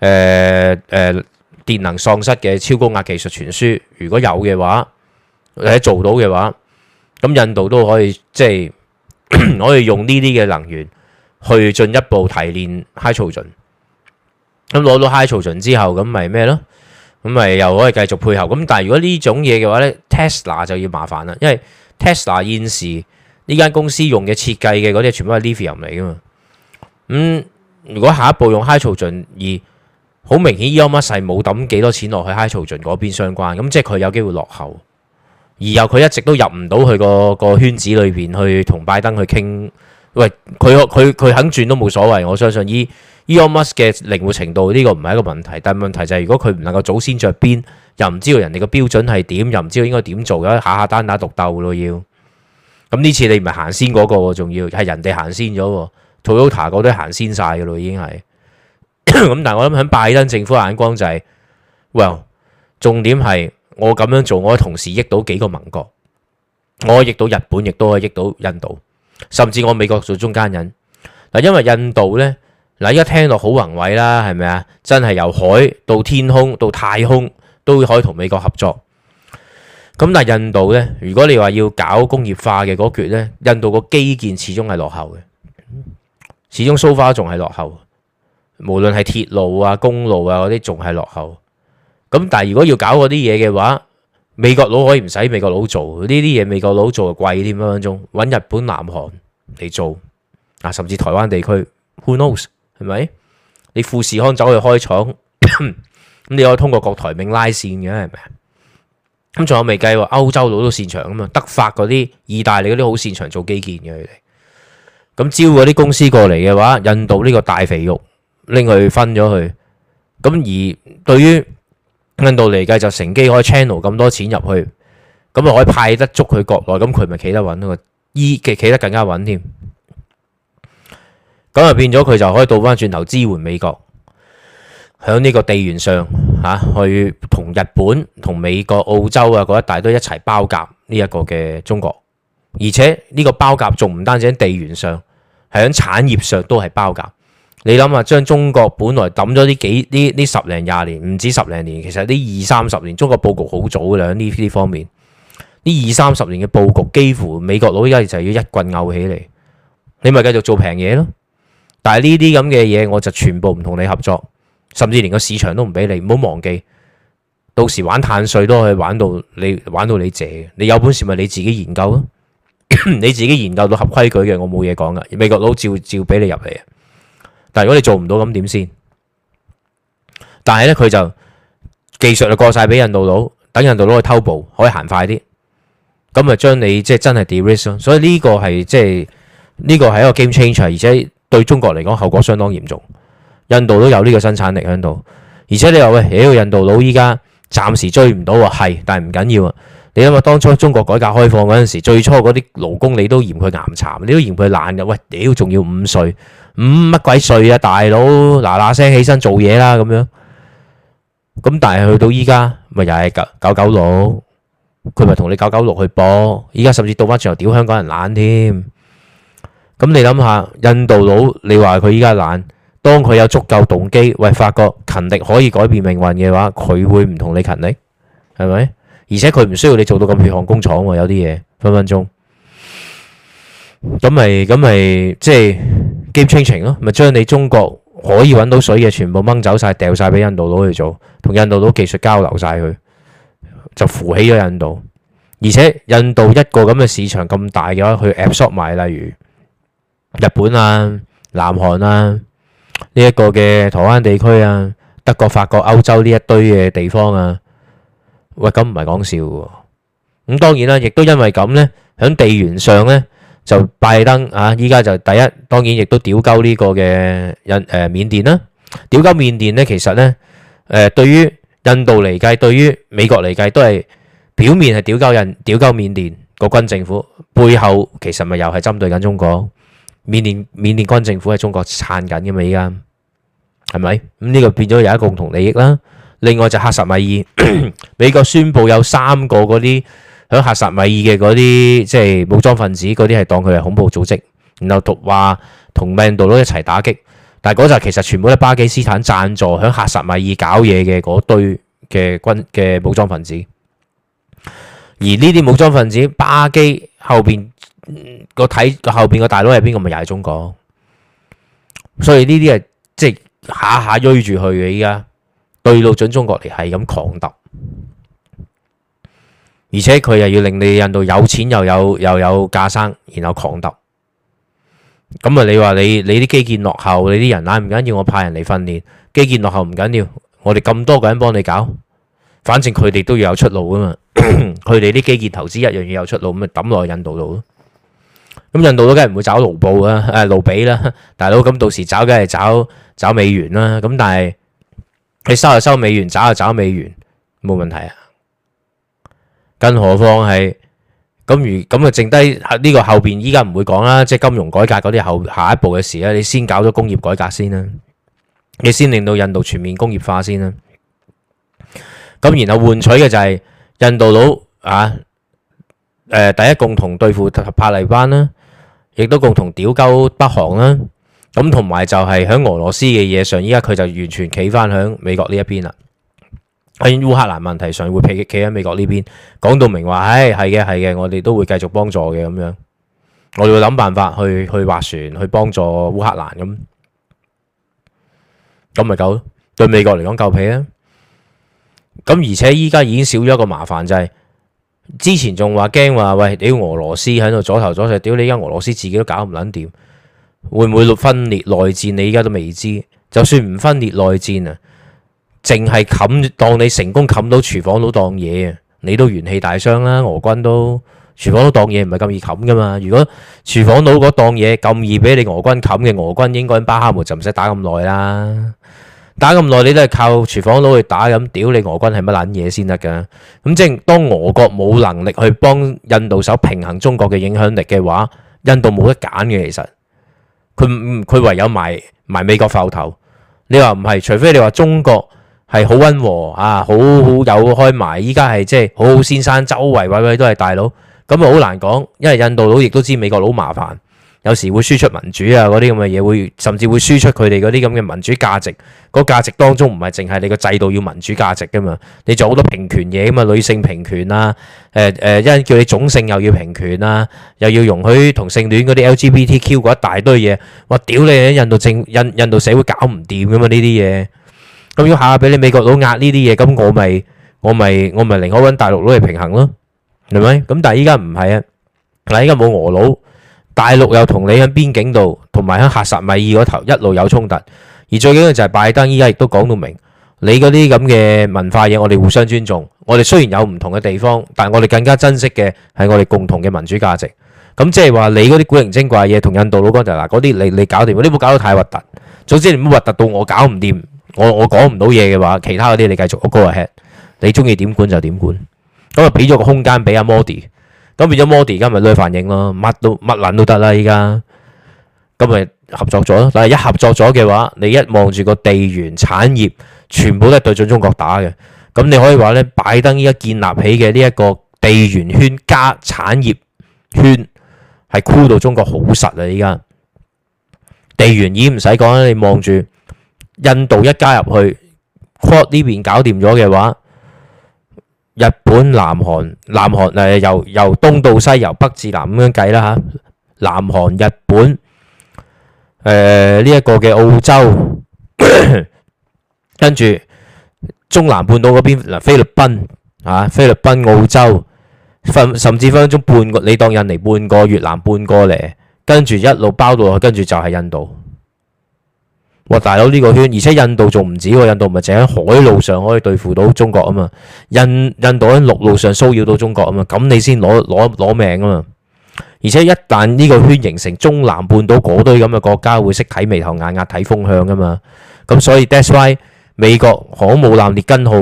Speaker 1: 呃呃、電能喪失嘅超高壓技術傳輸，如果有嘅話或者做到嘅話，咁印度都可以即係 可以用呢啲嘅能源去進一步提煉 hydrogen。咁攞到 hydrogen 之後，咁咪咩咯？咁咪又可以繼續配合，咁但係如果呢種嘢嘅話咧，Tesla 就要麻煩啦，因為 Tesla 現時呢間公司用嘅設計嘅嗰啲全部係 l i v i u m 嚟噶嘛，咁、嗯、如果下一步用 High 槽盡二，好明顯 Elon 細冇抌幾多錢落去 High 槽盡嗰邊相關，咁即係佢有機會落後，而又佢一直都入唔到佢個個圈子裏邊去同拜登去傾，喂，佢佢佢肯轉都冇所謂，我相信依。Elon Musk 嘅靈活程度呢、這個唔係一個問題，但係問題就係、是、如果佢唔能夠早先着鞭，又唔知道人哋個標準係點，又唔知道應該點做，而家下下單打獨鬥咯。要咁呢次你唔係行先嗰、那個，仲要係人哋行先咗。Toyota 嗰啲行先晒噶咯，已經係咁。 但係我諗喺拜登政府眼光就係、是，Well 重點係我咁樣做，我可以同時益到幾個盟國，我可以益到日本，亦都可以益到印度，甚至我美國做中間人嗱，但因為印度呢。嗱，一聽落好宏偉啦，係咪啊？真係由海到天空到太空都可以同美國合作。咁但係印度呢，如果你話要搞工業化嘅嗰橛咧，印度個基建始終係落後嘅，始終蘇花仲係落後，無論係鐵路啊、公路啊嗰啲仲係落後。咁但係如果要搞嗰啲嘢嘅話，美國佬可以唔使美國佬做呢啲嘢，美國佬做貴啲，分分鐘揾日本、南韓嚟做啊，甚至台灣地區，Who knows？係咪？你富士康走去開廠，咁 你可以通過郭台銘拉綫嘅，係咪？咁仲有未計？歐洲佬都擅長啊嘛，德法嗰啲、意大利嗰啲好擅長做基建嘅佢哋。咁招嗰啲公司過嚟嘅話，印度呢個大肥肉，拎去分咗佢。咁而對於印度嚟計，就乘機可以 channel 咁多錢入去，咁啊可以派得足佢國內，咁佢咪企得穩咯？依企企得更加穩添。咁啊，變咗佢就可以倒翻轉頭支援美國，響呢個地緣上吓、啊，去同日本、同美國、澳洲啊嗰一大堆一齊包夾呢一個嘅中國。而且呢個包夾仲唔單止喺地緣上，係喺產業上都係包夾。你諗下，將中國本來抌咗呢幾呢呢十零廿年，唔止十零年，其實呢二三十年，中國布局好早㗎啦。呢呢方面呢二三十年嘅布局，幾乎美國佬而家就係要一棍拗起嚟，你咪繼續做平嘢咯。但係呢啲咁嘅嘢，我就全部唔同你合作，甚至連個市場都唔俾你。唔好忘記，到時玩碳稅都可以玩到你玩到你借嘅。你有本事咪你自己研究咯， 你自己研究到合規矩嘅，我冇嘢講噶。美國佬照照俾你入嚟啊！但係如果你做唔到咁點先？但係咧，佢就技術就過晒俾印度佬，等印度佬去偷步，可以行快啲。咁咪將你即係真係 de-risk 所以呢個係即係呢、這個係一個 game changer，而且。對中國嚟講，後果相當嚴重。印度都有呢個生產力喺度，而且你話喂，屌、哎、印度佬依家暫時追唔到，啊。」係，但係唔緊要啊。你因為當初中國改革開放嗰陣時，最初嗰啲勞工你都嫌佢岩殘，你都嫌佢懶嘅，喂，屌、哎，仲要五歲，五乜鬼歲啊，大佬嗱嗱聲起身做嘢啦，咁樣。咁但係去到依家，咪又係九九六佬，佢咪同你九九六去搏。依家甚至倒翻轉頭，屌香港人懶添。咁你諗下，印度佬，你話佢依家懶，當佢有足夠動機，喂，發覺勤力可以改變命運嘅話，佢會唔同你勤力？係咪？而且佢唔需要你做到咁血汗工廠喎，啊，有啲嘢分分鐘。咁咪咁咪即係 game changing 咯，咪將，啊、你中國可以揾到水嘅全部掹走晒，掉晒俾印度佬去做，同印度佬技術交流晒佢，就扶起咗印度。而且印度一個咁嘅市場咁大嘅話，去 App Store 買，例如。日本啊、南韓啊，呢一個嘅台灣地區啊、德國、法國、歐洲呢一堆嘅地方啊，喂，咁唔係講笑嘅咁。當然啦，亦都因為咁咧，響地緣上咧，就拜登啊，依家就第一當然亦都屌鳩呢個嘅印誒緬甸啦。屌鳩緬甸咧，其實咧誒對於印度嚟計，對於美國嚟計都係表面係屌鳩印屌鳩緬甸個軍政府，背後其實咪又係針對緊中國。緬甸，緬甸軍政府喺中國撐緊嘅嘛，依家係咪？咁呢個變咗有一共同利益啦。另外就喀什米爾， 美國宣布有三個嗰啲喺喀什米爾嘅嗰啲即係武裝分子，嗰啲係當佢係恐怖組織，然後都話同命道都一齊打擊。但係嗰就其實全部都係巴基斯坦贊助喺喀什米爾搞嘢嘅嗰堆嘅軍嘅武裝分子。而呢啲武裝分子，巴基後邊。個睇個後邊個大佬係邊個咪又係中國，所以呢啲係即係下下追住佢嘅。依家對到準中國嚟係咁狂鬥，而且佢又要令你印度有錢又有又有架生，然後狂鬥。咁啊，你話你你啲基建落後，你啲人啊唔緊要，我派人嚟訓練基建落後唔緊要，我哋咁多個人幫你搞，反正佢哋都要有出路噶嘛。佢哋啲基建投資一樣要有出路，咁咪抌落去印度度咯。咁印度佬梗係唔會找盧布啦，啊盧比啦，大佬咁到時找梗係找找美元啦。咁但係你收就收美元，找就找美元，冇問題啊。更何況係咁如咁啊，剩低呢個後邊依家唔會講啦，即係金融改革嗰啲後下一步嘅事咧。你先搞咗工業改革先啦，你先令到印度全面工業化先啦。咁然後換取嘅就係印度佬啊，誒第一共同對付塔利班啦。亦都共同屌鳩北韓啦，咁同埋就係喺俄羅斯嘅嘢上，依家佢就完全企翻喺美國呢一邊啦。喺烏克蘭問題上會企喺美國呢邊，講到明話，唉、哎，係嘅係嘅，我哋都會繼續幫助嘅咁樣，我哋會諗辦法去去劃船去幫助烏克蘭咁，咁咪夠？對美國嚟講夠皮啊！咁而且依家已經少咗一個麻煩就係。之前仲話驚話喂，屌俄羅斯喺度阻頭阻勢，屌你而家俄羅斯自己都搞唔捻掂，會唔會分裂內戰？你而家都未知，就算唔分裂內戰啊，淨係冚當你成功冚到廚房佬檔嘢啊，你都元氣大傷啦。俄軍都廚房佬檔嘢，唔係咁易冚㗎嘛。如果廚房佬嗰檔嘢咁易俾你俄軍冚嘅，俄軍應該巴哈姆就唔使打咁耐啦。打咁耐，你都係靠廚房佬去打咁，屌你俄軍係乜撚嘢先得噶？咁即係當俄國冇能力去幫印度手平衡中國嘅影響力嘅話，印度冇得揀嘅，其實佢佢唯有埋埋美國埠頭。你話唔係？除非你話中國係好温和啊，好好有開埋，依家係即係好好先生，周圍位位都係大佬，咁啊好難講。因為印度佬亦都知美國佬麻煩。有時會輸出民主啊，嗰啲咁嘅嘢，會甚至會輸出佢哋嗰啲咁嘅民主價值。嗰價值當中唔係淨係你個制度要民主價值噶嘛？你做好多平權嘢噶嘛，女性平權啊，誒誒，因叫你種姓又要平權啊，又要容許同性戀嗰啲 LGBTQ 嗰一大堆嘢。我屌你，印度政印印度社會搞唔掂噶嘛？呢啲嘢，咁下下俾你美國佬壓呢啲嘢，咁我咪我咪我咪寧可揾大陸佬嚟平衡咯，明唔明？咁但係依家唔係啊，嗱，依家冇俄佬。大陸又同你喺邊境度，同埋喺喀什米爾嗰頭一路有衝突。而最緊要就係拜登依家亦都講到明，你嗰啲咁嘅文化嘢，我哋互相尊重。我哋雖然有唔同嘅地方，但係我哋更加珍惜嘅係我哋共同嘅民主價值。咁即係話你嗰啲古靈精怪嘢同印度佬講就嗱，嗰啲你你搞掂，你唔好搞得太核突。總之你唔好核突到我搞唔掂，我我講唔到嘢嘅話，其他嗰啲你繼續，我 go ahead，你中意點管就點管。咁啊，俾咗個空間俾阿 Modi。咁變咗 Modi，而家咪攞反映咯，乜都乜撚都得啦，依家咁咪合作咗咯。但係一合作咗嘅話，你一望住個地緣產業，全部都係對準中國打嘅。咁你可以話咧，拜登依家建立起嘅呢一個地緣圈加產業圈，係箍到中國好實啊！依家地緣已經唔使講啦，你望住印度一加入去 Quad 呢邊搞掂咗嘅話。日本、南韓、南韓誒，由由東到西，由北至南咁樣計啦嚇。南韓、日本誒，呢一個嘅澳洲，跟住中南半島嗰邊嗱，菲律賓啊，菲律賓、澳洲，甚至分咗半個，你當印尼半個、越南半個嚟，跟住一路包到落，跟住就係印度。哇！大佬呢個圈，而且印度仲唔止，印度咪淨喺海路上可以對付到中國啊嘛？印印度喺陸路上騷擾到中國啊嘛？咁你先攞攞攞命啊嘛？而且一旦呢個圈形成，中南半島嗰堆咁嘅國家會識睇眉頭眼壓睇風向噶嘛？咁所以 that's why 美國航母艦列根號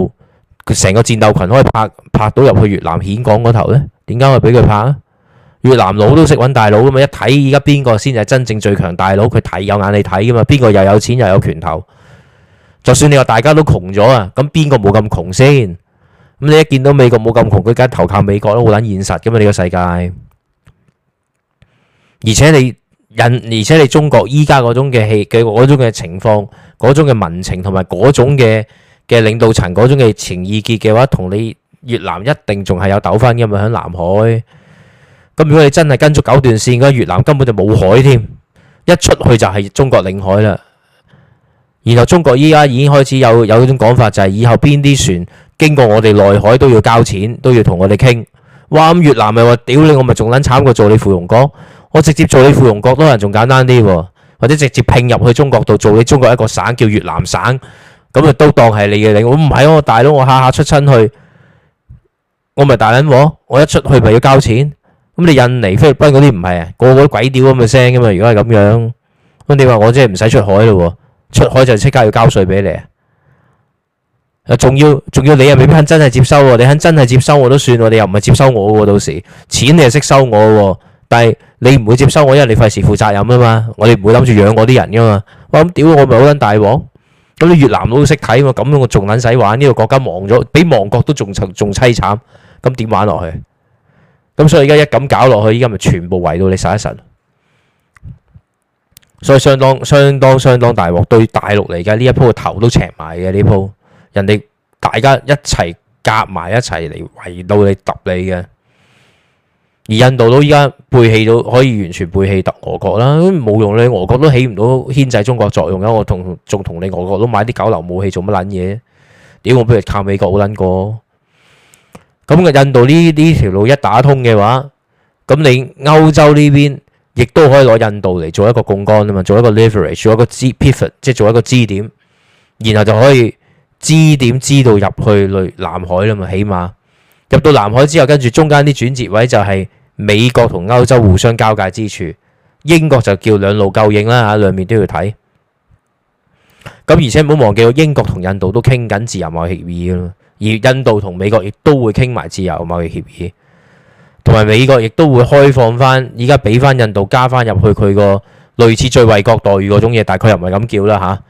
Speaker 1: 成個戰鬥群可以拍拍到入去越南峴港嗰頭咧？點解會俾佢拍啊？越南佬都識揾大佬噶嘛？一睇而家邊個先係真正最強大佬，佢睇有眼你睇噶嘛？邊個又有錢又有拳頭？就算你話大家都窮咗啊，咁邊個冇咁窮先？咁你一見到美國冇咁窮，佢梗係投靠美國都好撚現實噶嘛？呢、這個世界，而且你而且你中國依家嗰種嘅氣嘅嗰種嘅情況，嗰種嘅民情同埋嗰種嘅嘅領導層嗰種嘅情意結嘅話，同你越南一定仲係有糾紛噶嘛？喺南海。咁如果你真係跟足九段線，嗰越南根本就冇海添，一出去就係中國領海啦。然後中國依家已經開始有有嗰種講法，就係以後邊啲船經過我哋內海都要交錢，都要同我哋傾。哇！咁越南咪話：屌你，我咪仲撚慘過做你芙蓉國，我直接做你芙蓉國都人仲簡單啲喎。或者直接拼入去中國度做你中國一個省叫越南省，咁啊都當係你嘅領。 我唔係、啊、我大佬，我下下出親去，我咪大撚喎、啊。我一出去咪要交錢。咁你印尼菲律賓嗰啲唔係啊，個個都鬼屌咁嘅聲噶嘛？如果係咁樣，咁你話我真係唔使出海咯，出海就即刻要交稅俾你啊！啊，仲要仲要你又未必肯真係接收，你肯真係接收我都算，你又唔係接收我，到時錢你又識收我，但係你唔會接收我，因為你費事負責任啊嘛，我哋唔會諗住養我啲人噶嘛。哇咁屌，我咪好捻大鑊，咁你越南佬識睇嘛？咁樣我仲捻使玩，呢個國家亡咗，比亡國都仲仲淒慘，咁點玩落去？咁、嗯、所以而家一咁搞落去，依家咪全部圍到你曬一曬，所以相當相當相當大鑊。對大陸嚟講，呢一鋪頭都赤埋嘅呢鋪，人哋大家一齊夾埋一齊嚟圍到你揼你嘅。而印度都依家背棄到，可以完全背棄揼俄國啦，咁冇用，你俄國都起唔到牽制中國作用嘅，因為我同仲同你俄國都買啲九流武器做乜撚嘢？屌，我不如靠美國好撚過。咁嘅印度呢呢條路一打通嘅話，咁你歐洲呢邊亦都可以攞印度嚟做一個槓桿啊嘛，做一個 leverage，做一個支 pivot，即係做一個支點，然後就可以支點支到入去南海啦嘛，起碼入到南海之後，跟住中間啲轉折位就係美國同歐洲互相交界之處，英國就叫兩路救應啦嚇，兩面都要睇。咁而且唔好忘記，英國同印度都傾緊自由貿易協議。而印度同美國亦都會傾埋自由貿易協議，同埋美國亦都會開放翻，依家俾翻印度加翻入去佢個類似最惠國待遇嗰種嘢，大概又唔係咁叫啦嚇、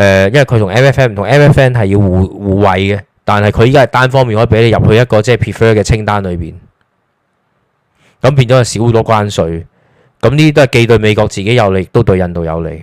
Speaker 1: 呃。因為佢同 MFN 唔同，MFN 係要互互,互惠嘅，但係佢依家係單方面可以俾你入去一個即係、就是、prefer 嘅清單裏邊，咁變咗就少好多關稅。咁呢啲都係既對美國自己有利，亦都對印度有利。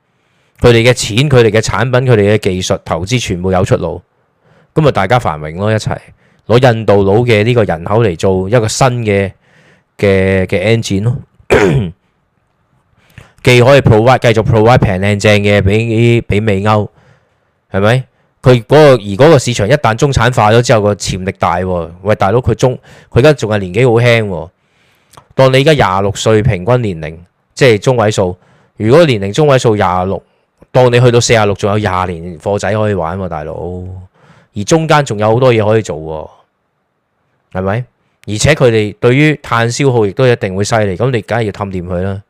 Speaker 1: 佢哋嘅錢、佢哋嘅產品、佢哋嘅技術、投資全部有出路，咁啊，大家繁榮咯，一齊攞印度佬嘅呢個人口嚟做一個新嘅嘅嘅 engine 咯，既可以 provide 繼續 provide 平靚正嘅俾俾美歐，係咪？佢嗰個而嗰個市場一旦中產化咗之後，個潛力大喎。喂，大佬，佢中佢而家仲係年紀好輕喎。當你而家廿六歲平均年齡，即係中位數。如果年齡中位數廿六。當你去到四廿六，仲有廿年貨仔可以玩喎，大佬。而中間仲有好多嘢可以做喎，係咪？而且佢哋對於碳消耗亦都一定會犀利，咁你梗係要氹掂佢啦。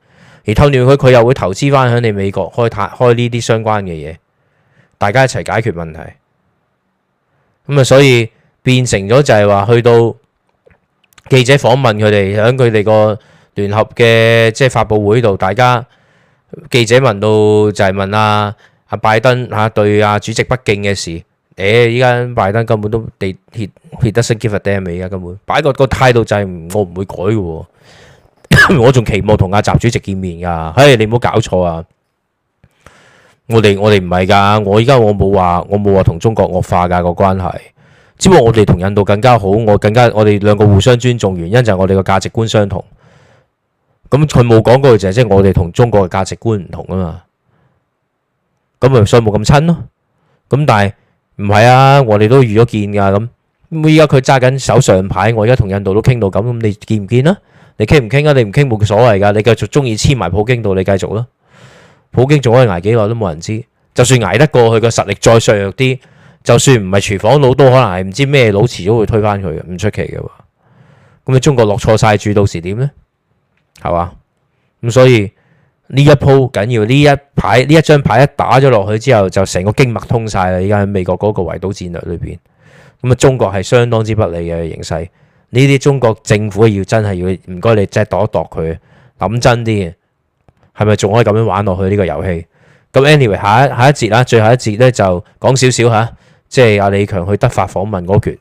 Speaker 1: 而氹掂佢，佢又會投資翻喺你美國開碳、開呢啲相關嘅嘢，大家一齊解決問題。咁啊，所以變成咗就係話去到記者訪問佢哋，喺佢哋個聯合嘅即係發佈會度，大家。記者問到就係問阿、啊、阿拜登吓、啊、對阿、啊、主席不敬嘅事，誒依家拜登根本都 he he doesn't give a damn 嘅，依家根本擺個個態度就係我唔會改嘅、啊， 我仲期望同阿習主席見面噶、啊，唉、哎、你唔好搞錯啊！我哋我哋唔係噶，我依家我冇話我冇話同中國惡化噶、那個關係，只不過我哋同印度更加好，我更加我哋兩個互相尊重，原因就係我哋個價值觀相同。咁佢冇講過就係即係我哋同中國嘅價值觀唔同啊嘛，咁咪所以冇咁親咯。咁但係唔係啊，我哋都預咗見噶咁。依家佢揸緊手上牌，我而家同印度都傾到咁，你見唔見啊？你傾唔傾啊？你唔傾冇所謂噶，你繼續中意黐埋普京度你繼續咯。普京仲可以挨幾耐都冇人知，就算挨得過去個實力再削弱啲，就算唔係廚房佬都可能係唔知咩佬，遲早會推翻佢嘅，唔出奇嘅。咁你，中國落錯晒注，到時點呢？係嘛？咁、嗯、所以呢一鋪緊要呢一牌、呢一張牌一打咗落去之後，就成個經脈通晒啦！依家喺美國嗰個圍堵戰略裏邊，咁、嗯、啊中國係相當之不利嘅形勢。呢啲中國政府要真係要唔該你即係度一度佢諗真啲，係咪仲可以咁樣玩落去呢、呢個遊戲？咁 anyway 下一下一節啦，最後一節咧就講少少吓，即係阿李強去德法訪問嗰橛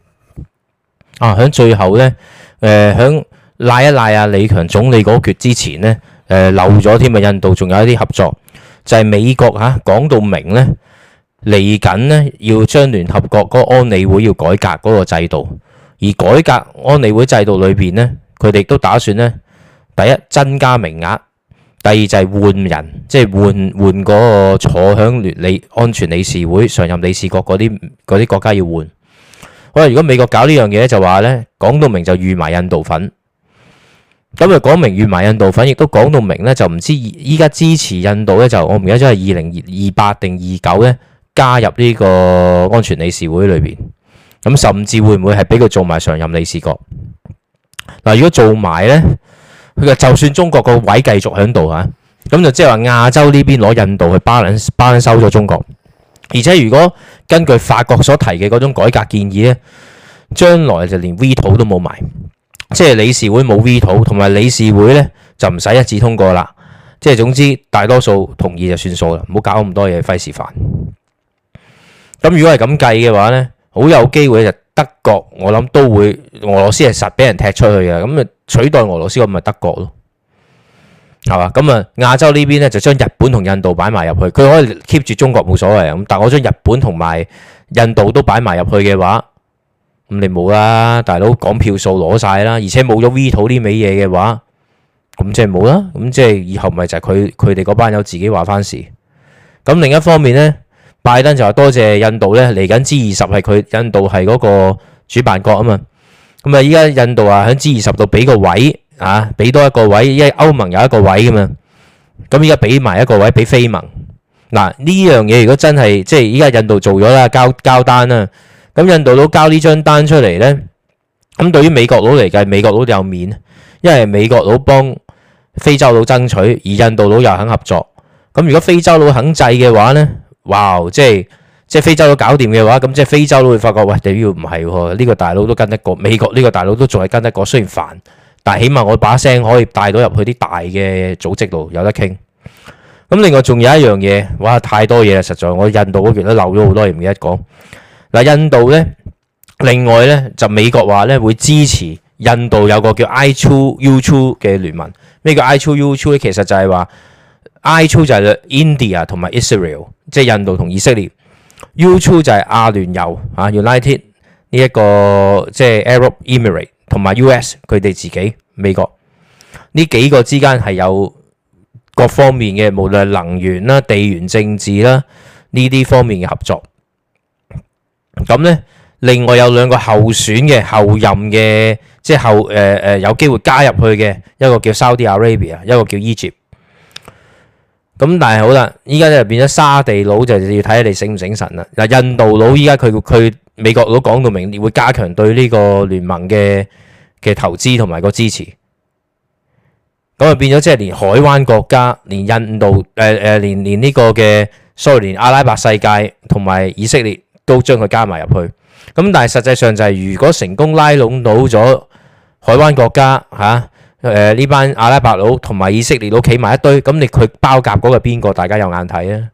Speaker 1: 啊！喺最後咧，誒、呃、喺。賴一賴啊！李強總理嗰決之前呢，誒漏咗添啊！印度仲有一啲合作，就係、是、美國嚇、啊、講到明呢，嚟緊呢要將聯合國嗰安理會要改革嗰個制度，而改革安理會制度裏邊呢，佢哋都打算呢：第一增加名額，第二就係換人，即係換換嗰個坐響聯理安全理事會常任理事國嗰啲啲國家要換。好啦，如果美國搞呢樣嘢就話呢，講到明就預埋印度份。咁日講明越埋印度反亦都講到明咧，就唔知依家支持印度咧，就我唔記得，即係二零二八定二九咧加入呢個安全理事會裏邊，咁甚至會唔會係俾佢做埋常任理事國？嗱，如果做埋咧，佢就算中國個位繼續喺度嚇，咁就即係話亞洲呢邊攞印度去平衡平衡收咗中國，而且如果根據法國所提嘅嗰種改革建議咧，將來就連 V 土都冇埋。即係理事會冇 veto，同埋理事會咧就唔使一致通過啦。即係總之，大多數同意就算數啦，唔好搞咁多嘢，費事煩。咁如果係咁計嘅話咧，好有機會就德國，我諗都會俄羅斯係實俾人踢出去嘅。咁啊取代俄羅斯咁咪德國咯，係嘛？咁啊亞洲呢邊咧就將日本同印度擺埋入去，佢可以 keep 住中國冇所謂啊。咁但係我將日本同埋印度都擺埋入去嘅話。咁你冇啦，大佬講票數攞晒啦，而且冇咗 V 土啲味嘢嘅話，咁即係冇啦。咁即係以後咪就係佢佢哋嗰班友自己話翻事。咁另一方面呢，拜登就話多謝，謝印度呢，嚟緊 G 二十係佢印度係嗰個主辦國啊嘛。咁啊，依家印度啊響 G 二十度俾個位啊，俾多一個位，因為歐盟有一個位噶嘛。咁依家俾埋一個位俾非盟。嗱、啊、呢樣嘢如果真係即係依家印度做咗啦，交交單啦。咁印度佬交呢張單出嚟呢，咁對於美國佬嚟計，美國佬有面，因為美國佬幫非洲佬爭取，而印度佬又肯合作。咁如果非洲佬肯制嘅話呢，哇！即係即係非洲佬搞掂嘅話，咁即係非洲佬會發覺，喂，地表唔係喎？呢個大佬都跟得過，美國呢個大佬都仲係跟得過，雖然煩，但起碼我把聲可以帶到入去啲大嘅組織度有得傾。咁另外仲有一樣嘢，哇！太多嘢啦，實在我印度嗰邊都漏咗好多嘢唔記得講。嗱，印度咧，另外咧就美國話咧會支持印度有個叫 I2U2 嘅聯盟。咩叫 I2U2 咧？其實就係話 I2 就係 India 同埋 Israel，即係印度同以色列。U2 就係阿聯酋啊，United 呢一個即係 Arab Emirates 同埋 U.S. 佢哋自己美國呢幾個之間係有各方面嘅，無論能源啦、地緣政治啦呢啲方面嘅合作。咁咧，另外有兩個候選嘅候任嘅，即係後誒誒、呃呃、有機會加入去嘅一個叫 Saudi Arabia，一個叫 Egypt。咁但係好啦，依家咧就變咗沙地佬就要睇下你醒唔醒神啦。嗱，印度佬依家佢佢美國佬講到明，會加強對呢個聯盟嘅嘅投資同埋個支持，咁啊變咗即係連海灣國家、連印度誒誒、呃、連連呢個嘅蘇聯連阿拉伯世界同埋以，以色列。都將佢加埋入去，咁但係實際上就係如果成功拉攏到咗海灣國家吓，誒呢班阿拉伯佬同埋以色列佬企埋一堆，咁你佢包夾嗰個邊個，大家有眼睇啊？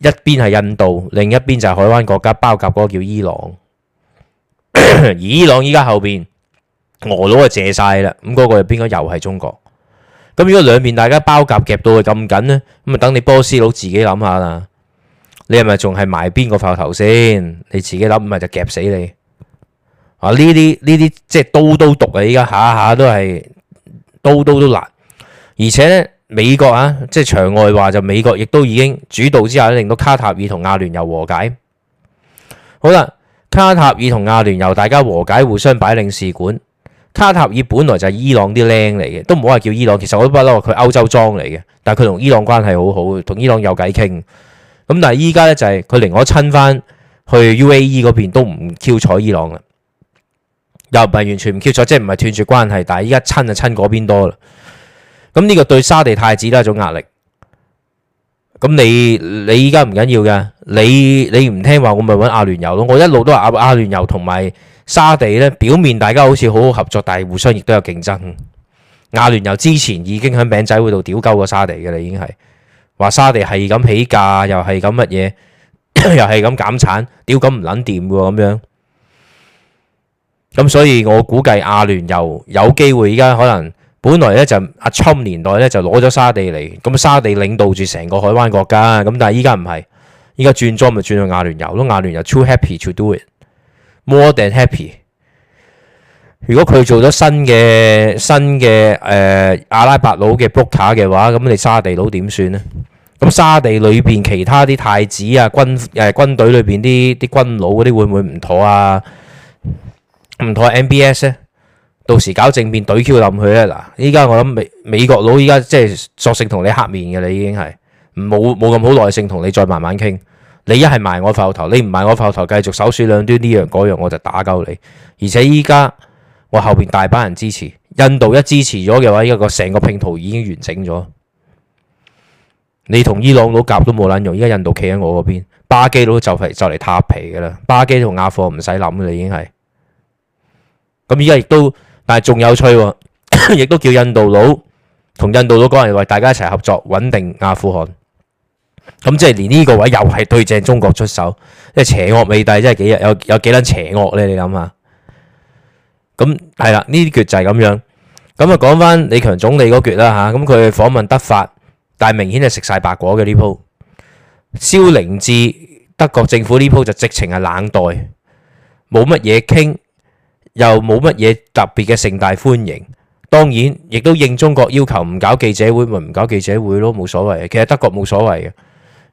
Speaker 1: 一邊係印度，另一邊就係海灣國家包夾嗰個叫伊朗，而伊朗依家後邊俄佬就借晒啦，咁嗰個又邊個又係中國？咁如果兩邊大家包夾夾到佢咁緊呢，咁啊等你波斯佬自己諗下啦。你係咪仲係埋邊個炮頭先？你自己諗，唔係就夾死你！啊，呢啲呢啲即係刀刀毒啊！依家下下都係刀刀都辣，而且咧美國啊，即係場外話就美國亦都已經主導之下令到卡塔爾同阿聯酋和解。好啦，卡塔爾同阿聯酋大家和解，互相擺領事館。卡塔爾本來就係伊朗啲僆嚟嘅，都唔好話叫伊朗，其實我都不嬲佢歐洲莊嚟嘅，但係佢同伊朗關係好好，同伊朗有偈傾。咁但係依家咧就係佢連我親翻去 U A E 嗰邊都唔瞅睬伊朗啦，又唔係完全唔瞅睬，即係唔係斷絕關係。但係依家親就親嗰邊多啦。咁呢個對沙地太子都係一種壓力。咁你你依家唔緊要嘅，你你唔聽話，我咪揾阿聯酋咯。我一路都話阿阿聯酋同埋沙地咧，表面大家好似好好合作，但係互相亦都有競爭。阿聯酋之前已經喺餅仔嗰度屌鳩過沙地嘅啦，已經係。話沙地係咁起價，又係咁乜嘢，又係咁減產，屌咁唔捻掂嘅喎咁樣。咁所以我估計亞聯酋有機會，依家可能本來咧就阿侵年代咧就攞咗沙地嚟，咁沙地領導住成個海灣國家，咁但係依家唔係，依家轉莊咪轉去亞聯酋咯，亞聯酋 too happy to do it，more than happy。如果佢做咗新嘅新嘅誒、呃、阿拉伯佬嘅 book 卡嘅話，咁你沙地佬點算咧？咁沙地裏邊其他啲太子啊、軍誒、呃、軍隊裏邊啲啲軍佬嗰啲會唔會唔妥啊？唔妥 MBS 咧？到時搞政變懟 Q 冧佢咧嗱。依家我諗美美國佬依家即係索性同你黑面嘅你已經係冇冇咁好耐性同你再慢慢傾。你一係埋我浮頭，你唔埋我浮頭，繼續首鼠兩端呢樣嗰樣，樣，樣，我就打鳩你。而且依家。我後邊大班人支持，印度一支持咗嘅話，而家成個拼圖已經完整咗。你同伊朗佬夾都冇撚用，而家印度企喺我嗰邊，巴基佬就嚟就嚟塌皮噶啦。巴基同阿富汗唔使諗啦，已經係。咁而家亦都，但係仲有趣，亦 都叫印度佬同印度佬講話，大家一齊合作穩定阿富汗。咁即係連呢個位又係對正中國出手，即係邪惡美帝，即係幾日有有，有幾撚邪惡咧？你諗下。咁係啦，呢啲決就係咁樣。咁啊，講翻李強總理嗰決啦嚇，咁佢訪問德法，但係明顯係食曬白果嘅呢鋪。蕭凌志德國政府呢鋪就直情係冷待，冇乜嘢傾，又冇乜嘢特別嘅盛大歡迎。當然，亦都應中國要求唔搞記者會咪唔搞記者會咯，冇所謂。其實德國冇所謂嘅，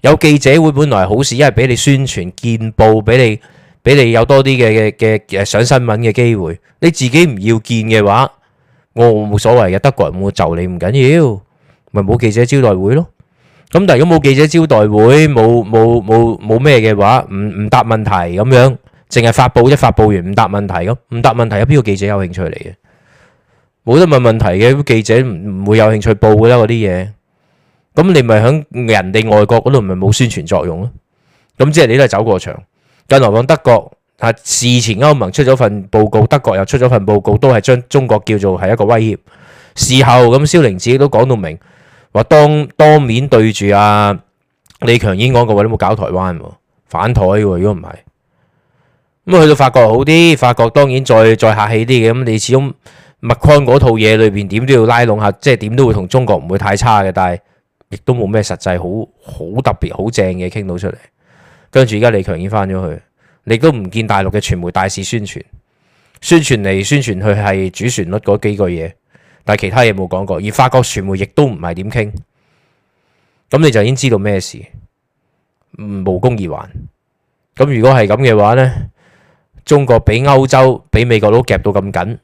Speaker 1: 有記者會本來好事，因為俾你宣傳見報，俾你。俾你有多啲嘅嘅嘅上新聞嘅機會，你自己唔要見嘅話，我冇所謂嘅。德國人會就你唔緊要，咪冇記者招待會咯。咁但係如果冇記者招待會，冇冇冇冇咩嘅話，唔唔答問題咁樣，淨係發佈，一發佈完唔答問題咁，唔答問題有邊個記者有興趣嚟嘅？冇得問問題嘅，啲記者唔會有興趣報㗎啦，嗰啲嘢。咁你咪響人哋外國嗰度咪冇宣傳作用咯？咁即係你都係走過場。近嚟講德國，啊事前歐盟出咗份報告，德國又出咗份報告，都係將中國叫做係一個威脅。事後咁，蕭凌自己都講到明，話當當面對住啊李強英講嗰位都冇搞台灣反台喎、啊。如果唔係，咁去到法國好啲，法國當然再再客氣啲嘅。咁你始終 Macron 嗰套嘢裏邊點都要拉攏下，即係點都會同中國唔會太差嘅，但係亦都冇咩實際好好特別好正嘅傾到出嚟。跟住而家李強已經返咗去，你都唔見大陸嘅傳媒大肆宣傳，宣傳嚟宣傳去係主旋律嗰幾句嘢，但係其他嘢冇講過，而法國傳媒亦都唔係點傾，咁你就已經知道咩事，無功而還。咁如果係咁嘅話呢，中國俾歐洲、俾美國都夾到咁緊，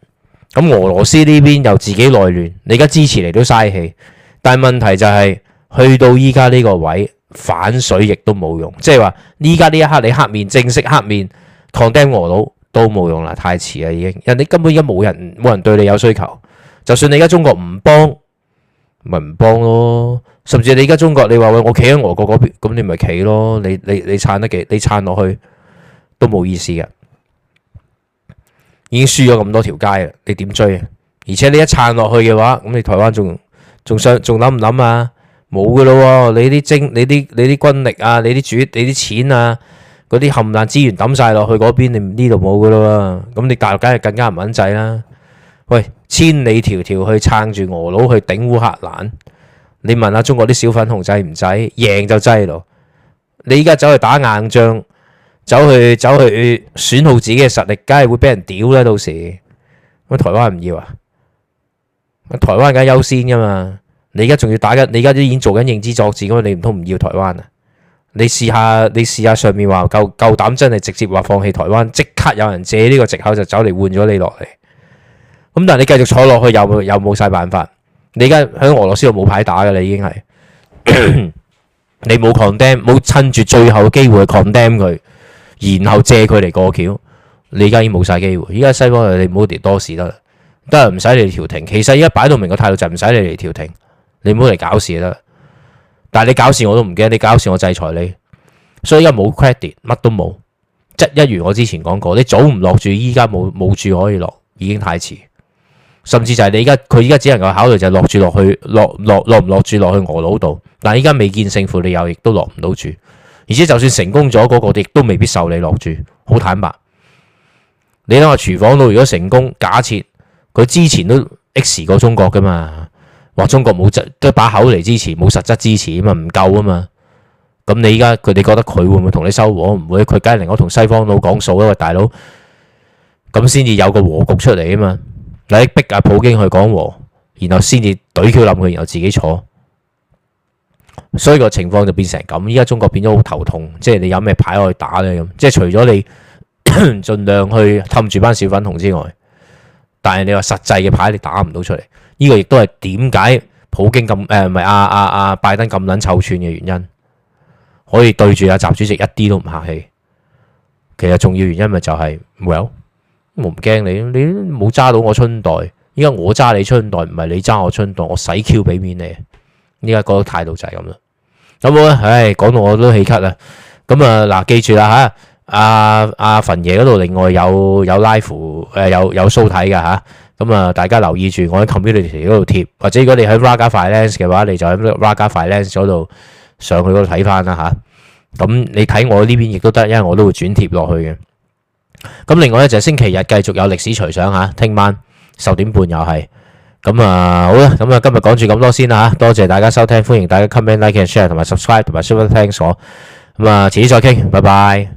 Speaker 1: 咁俄羅斯呢邊又自己內亂，你而家支持嚟都嘥氣，但係問題就係。去到依家呢個位反水亦都冇用，即係話依家呢一刻你黑面正式黑面 condemn 俄佬都冇用啦，太遲啦已經。人哋根本而家冇人冇人對你有需求，就算你而家中國唔幫咪唔幫咯，甚至你而家中國你話喂，我企喺俄國嗰邊，咁你咪企咯。你你你撐得幾你撐落去都冇意思嘅，已經輸咗咁多條街啦。你點追啊？而且你一撐落去嘅話，咁你台灣仲仲想仲諗唔諗啊？冇噶咯喎！你啲精、你啲你啲軍力啊、你啲主、你啲錢啊、嗰啲冚爛資源抌晒落去嗰邊，你呢度冇噶咯喎！咁你大陸梗係更加唔穩陣啦。喂，千里迢迢去撐住俄佬去頂烏克蘭，你問下中國啲小粉紅制唔制？贏就制咯。你依家走去打硬仗，走去走去損耗自己嘅實力，梗係會俾人屌啦！到時乜台灣唔要啊？台灣梗係優先噶嘛？你而家仲要打緊，你而家都已經做緊認知作戰，咁你唔通唔要台灣啊？你試下，你試下上面話夠夠膽真係直接話放棄台灣，即刻有人借呢個藉口就走嚟換咗你落嚟。咁但係你繼續坐落去，又，又有冇晒辦法。你而家喺俄羅斯度冇牌打嘅啦，你已經係。 你冇 condemn，冇趁住最後嘅機會去 condemn 佢，然後借佢嚟過橋。你而家已經冇晒機會。而家西方你唔好跌多事得啦，都係唔使你調停。其實而家擺到明嘅態度就係唔使你嚟調停。你唔好嚟搞事啦！但係你搞事我都唔驚，你搞事我制裁你。所以而家冇 credit，乜都冇。即一如我之前講過，你早唔落住，依家冇冇住可以落，已經太遲。甚至就係你而家，佢依家只能夠考慮就係落住落去，落落落唔落住落去俄佬度。但係依家未見勝負，你又亦都落唔到住。而且就算成功咗，那個，嗰個亦都未必受你落住。好坦白，你諗下廚房度，如果成功，假設佢之前都 X 過中國噶嘛？話中國冇即得把口嚟支持，冇實質支持啊嘛，唔夠啊嘛。咁你依家佢哋覺得佢會唔會同你收和？唔會，佢梗係另外同西方佬講數啦，喂大佬，咁先至有個和局出嚟啊嘛。你逼阿普京去講和，然後先至懟佢冧佢，然後自己坐。所以個情況就變成咁。依家中國變咗好頭痛，即係你有咩牌可以打呢？咁即係除咗你盡 量去氹住班小粉紅之外，但係你話實際嘅牌你打唔到出嚟。呢個亦都係點解普京咁誒，唔係阿阿阿拜登咁撚臭串嘅原因，可以對住阿習主席一啲都唔客氣。其實重要原因咪就係，Well，我唔驚你，你都冇揸到我春袋，依家我揸你春袋，唔係你揸我春袋，我使 Q 俾面你。依家嗰個態度就係咁啦。咁好啦，唉，講到我都氣咳啦。咁啊，嗱，記住啦吓，阿阿墳爺嗰度另外有有 Live 誒，有有 Show 睇噶吓。咁啊，大家留意住，我喺 Community 嗰度貼，或者如果你喺 Raga Finance 嘅話，你就喺 Raga Finance 嗰度上去嗰度睇翻啦吓。咁你睇我呢邊亦都得，因為我都會轉貼落去嘅。咁另外咧就星期日繼續有歷史隨想吓，聽晚十點半又係。咁啊好啦，咁啊今日講住咁多先啦，多謝大家收聽，歡迎大家 comment like share 同埋 subscribe 同埋 super thanks 我。咁啊，下次再傾，拜拜。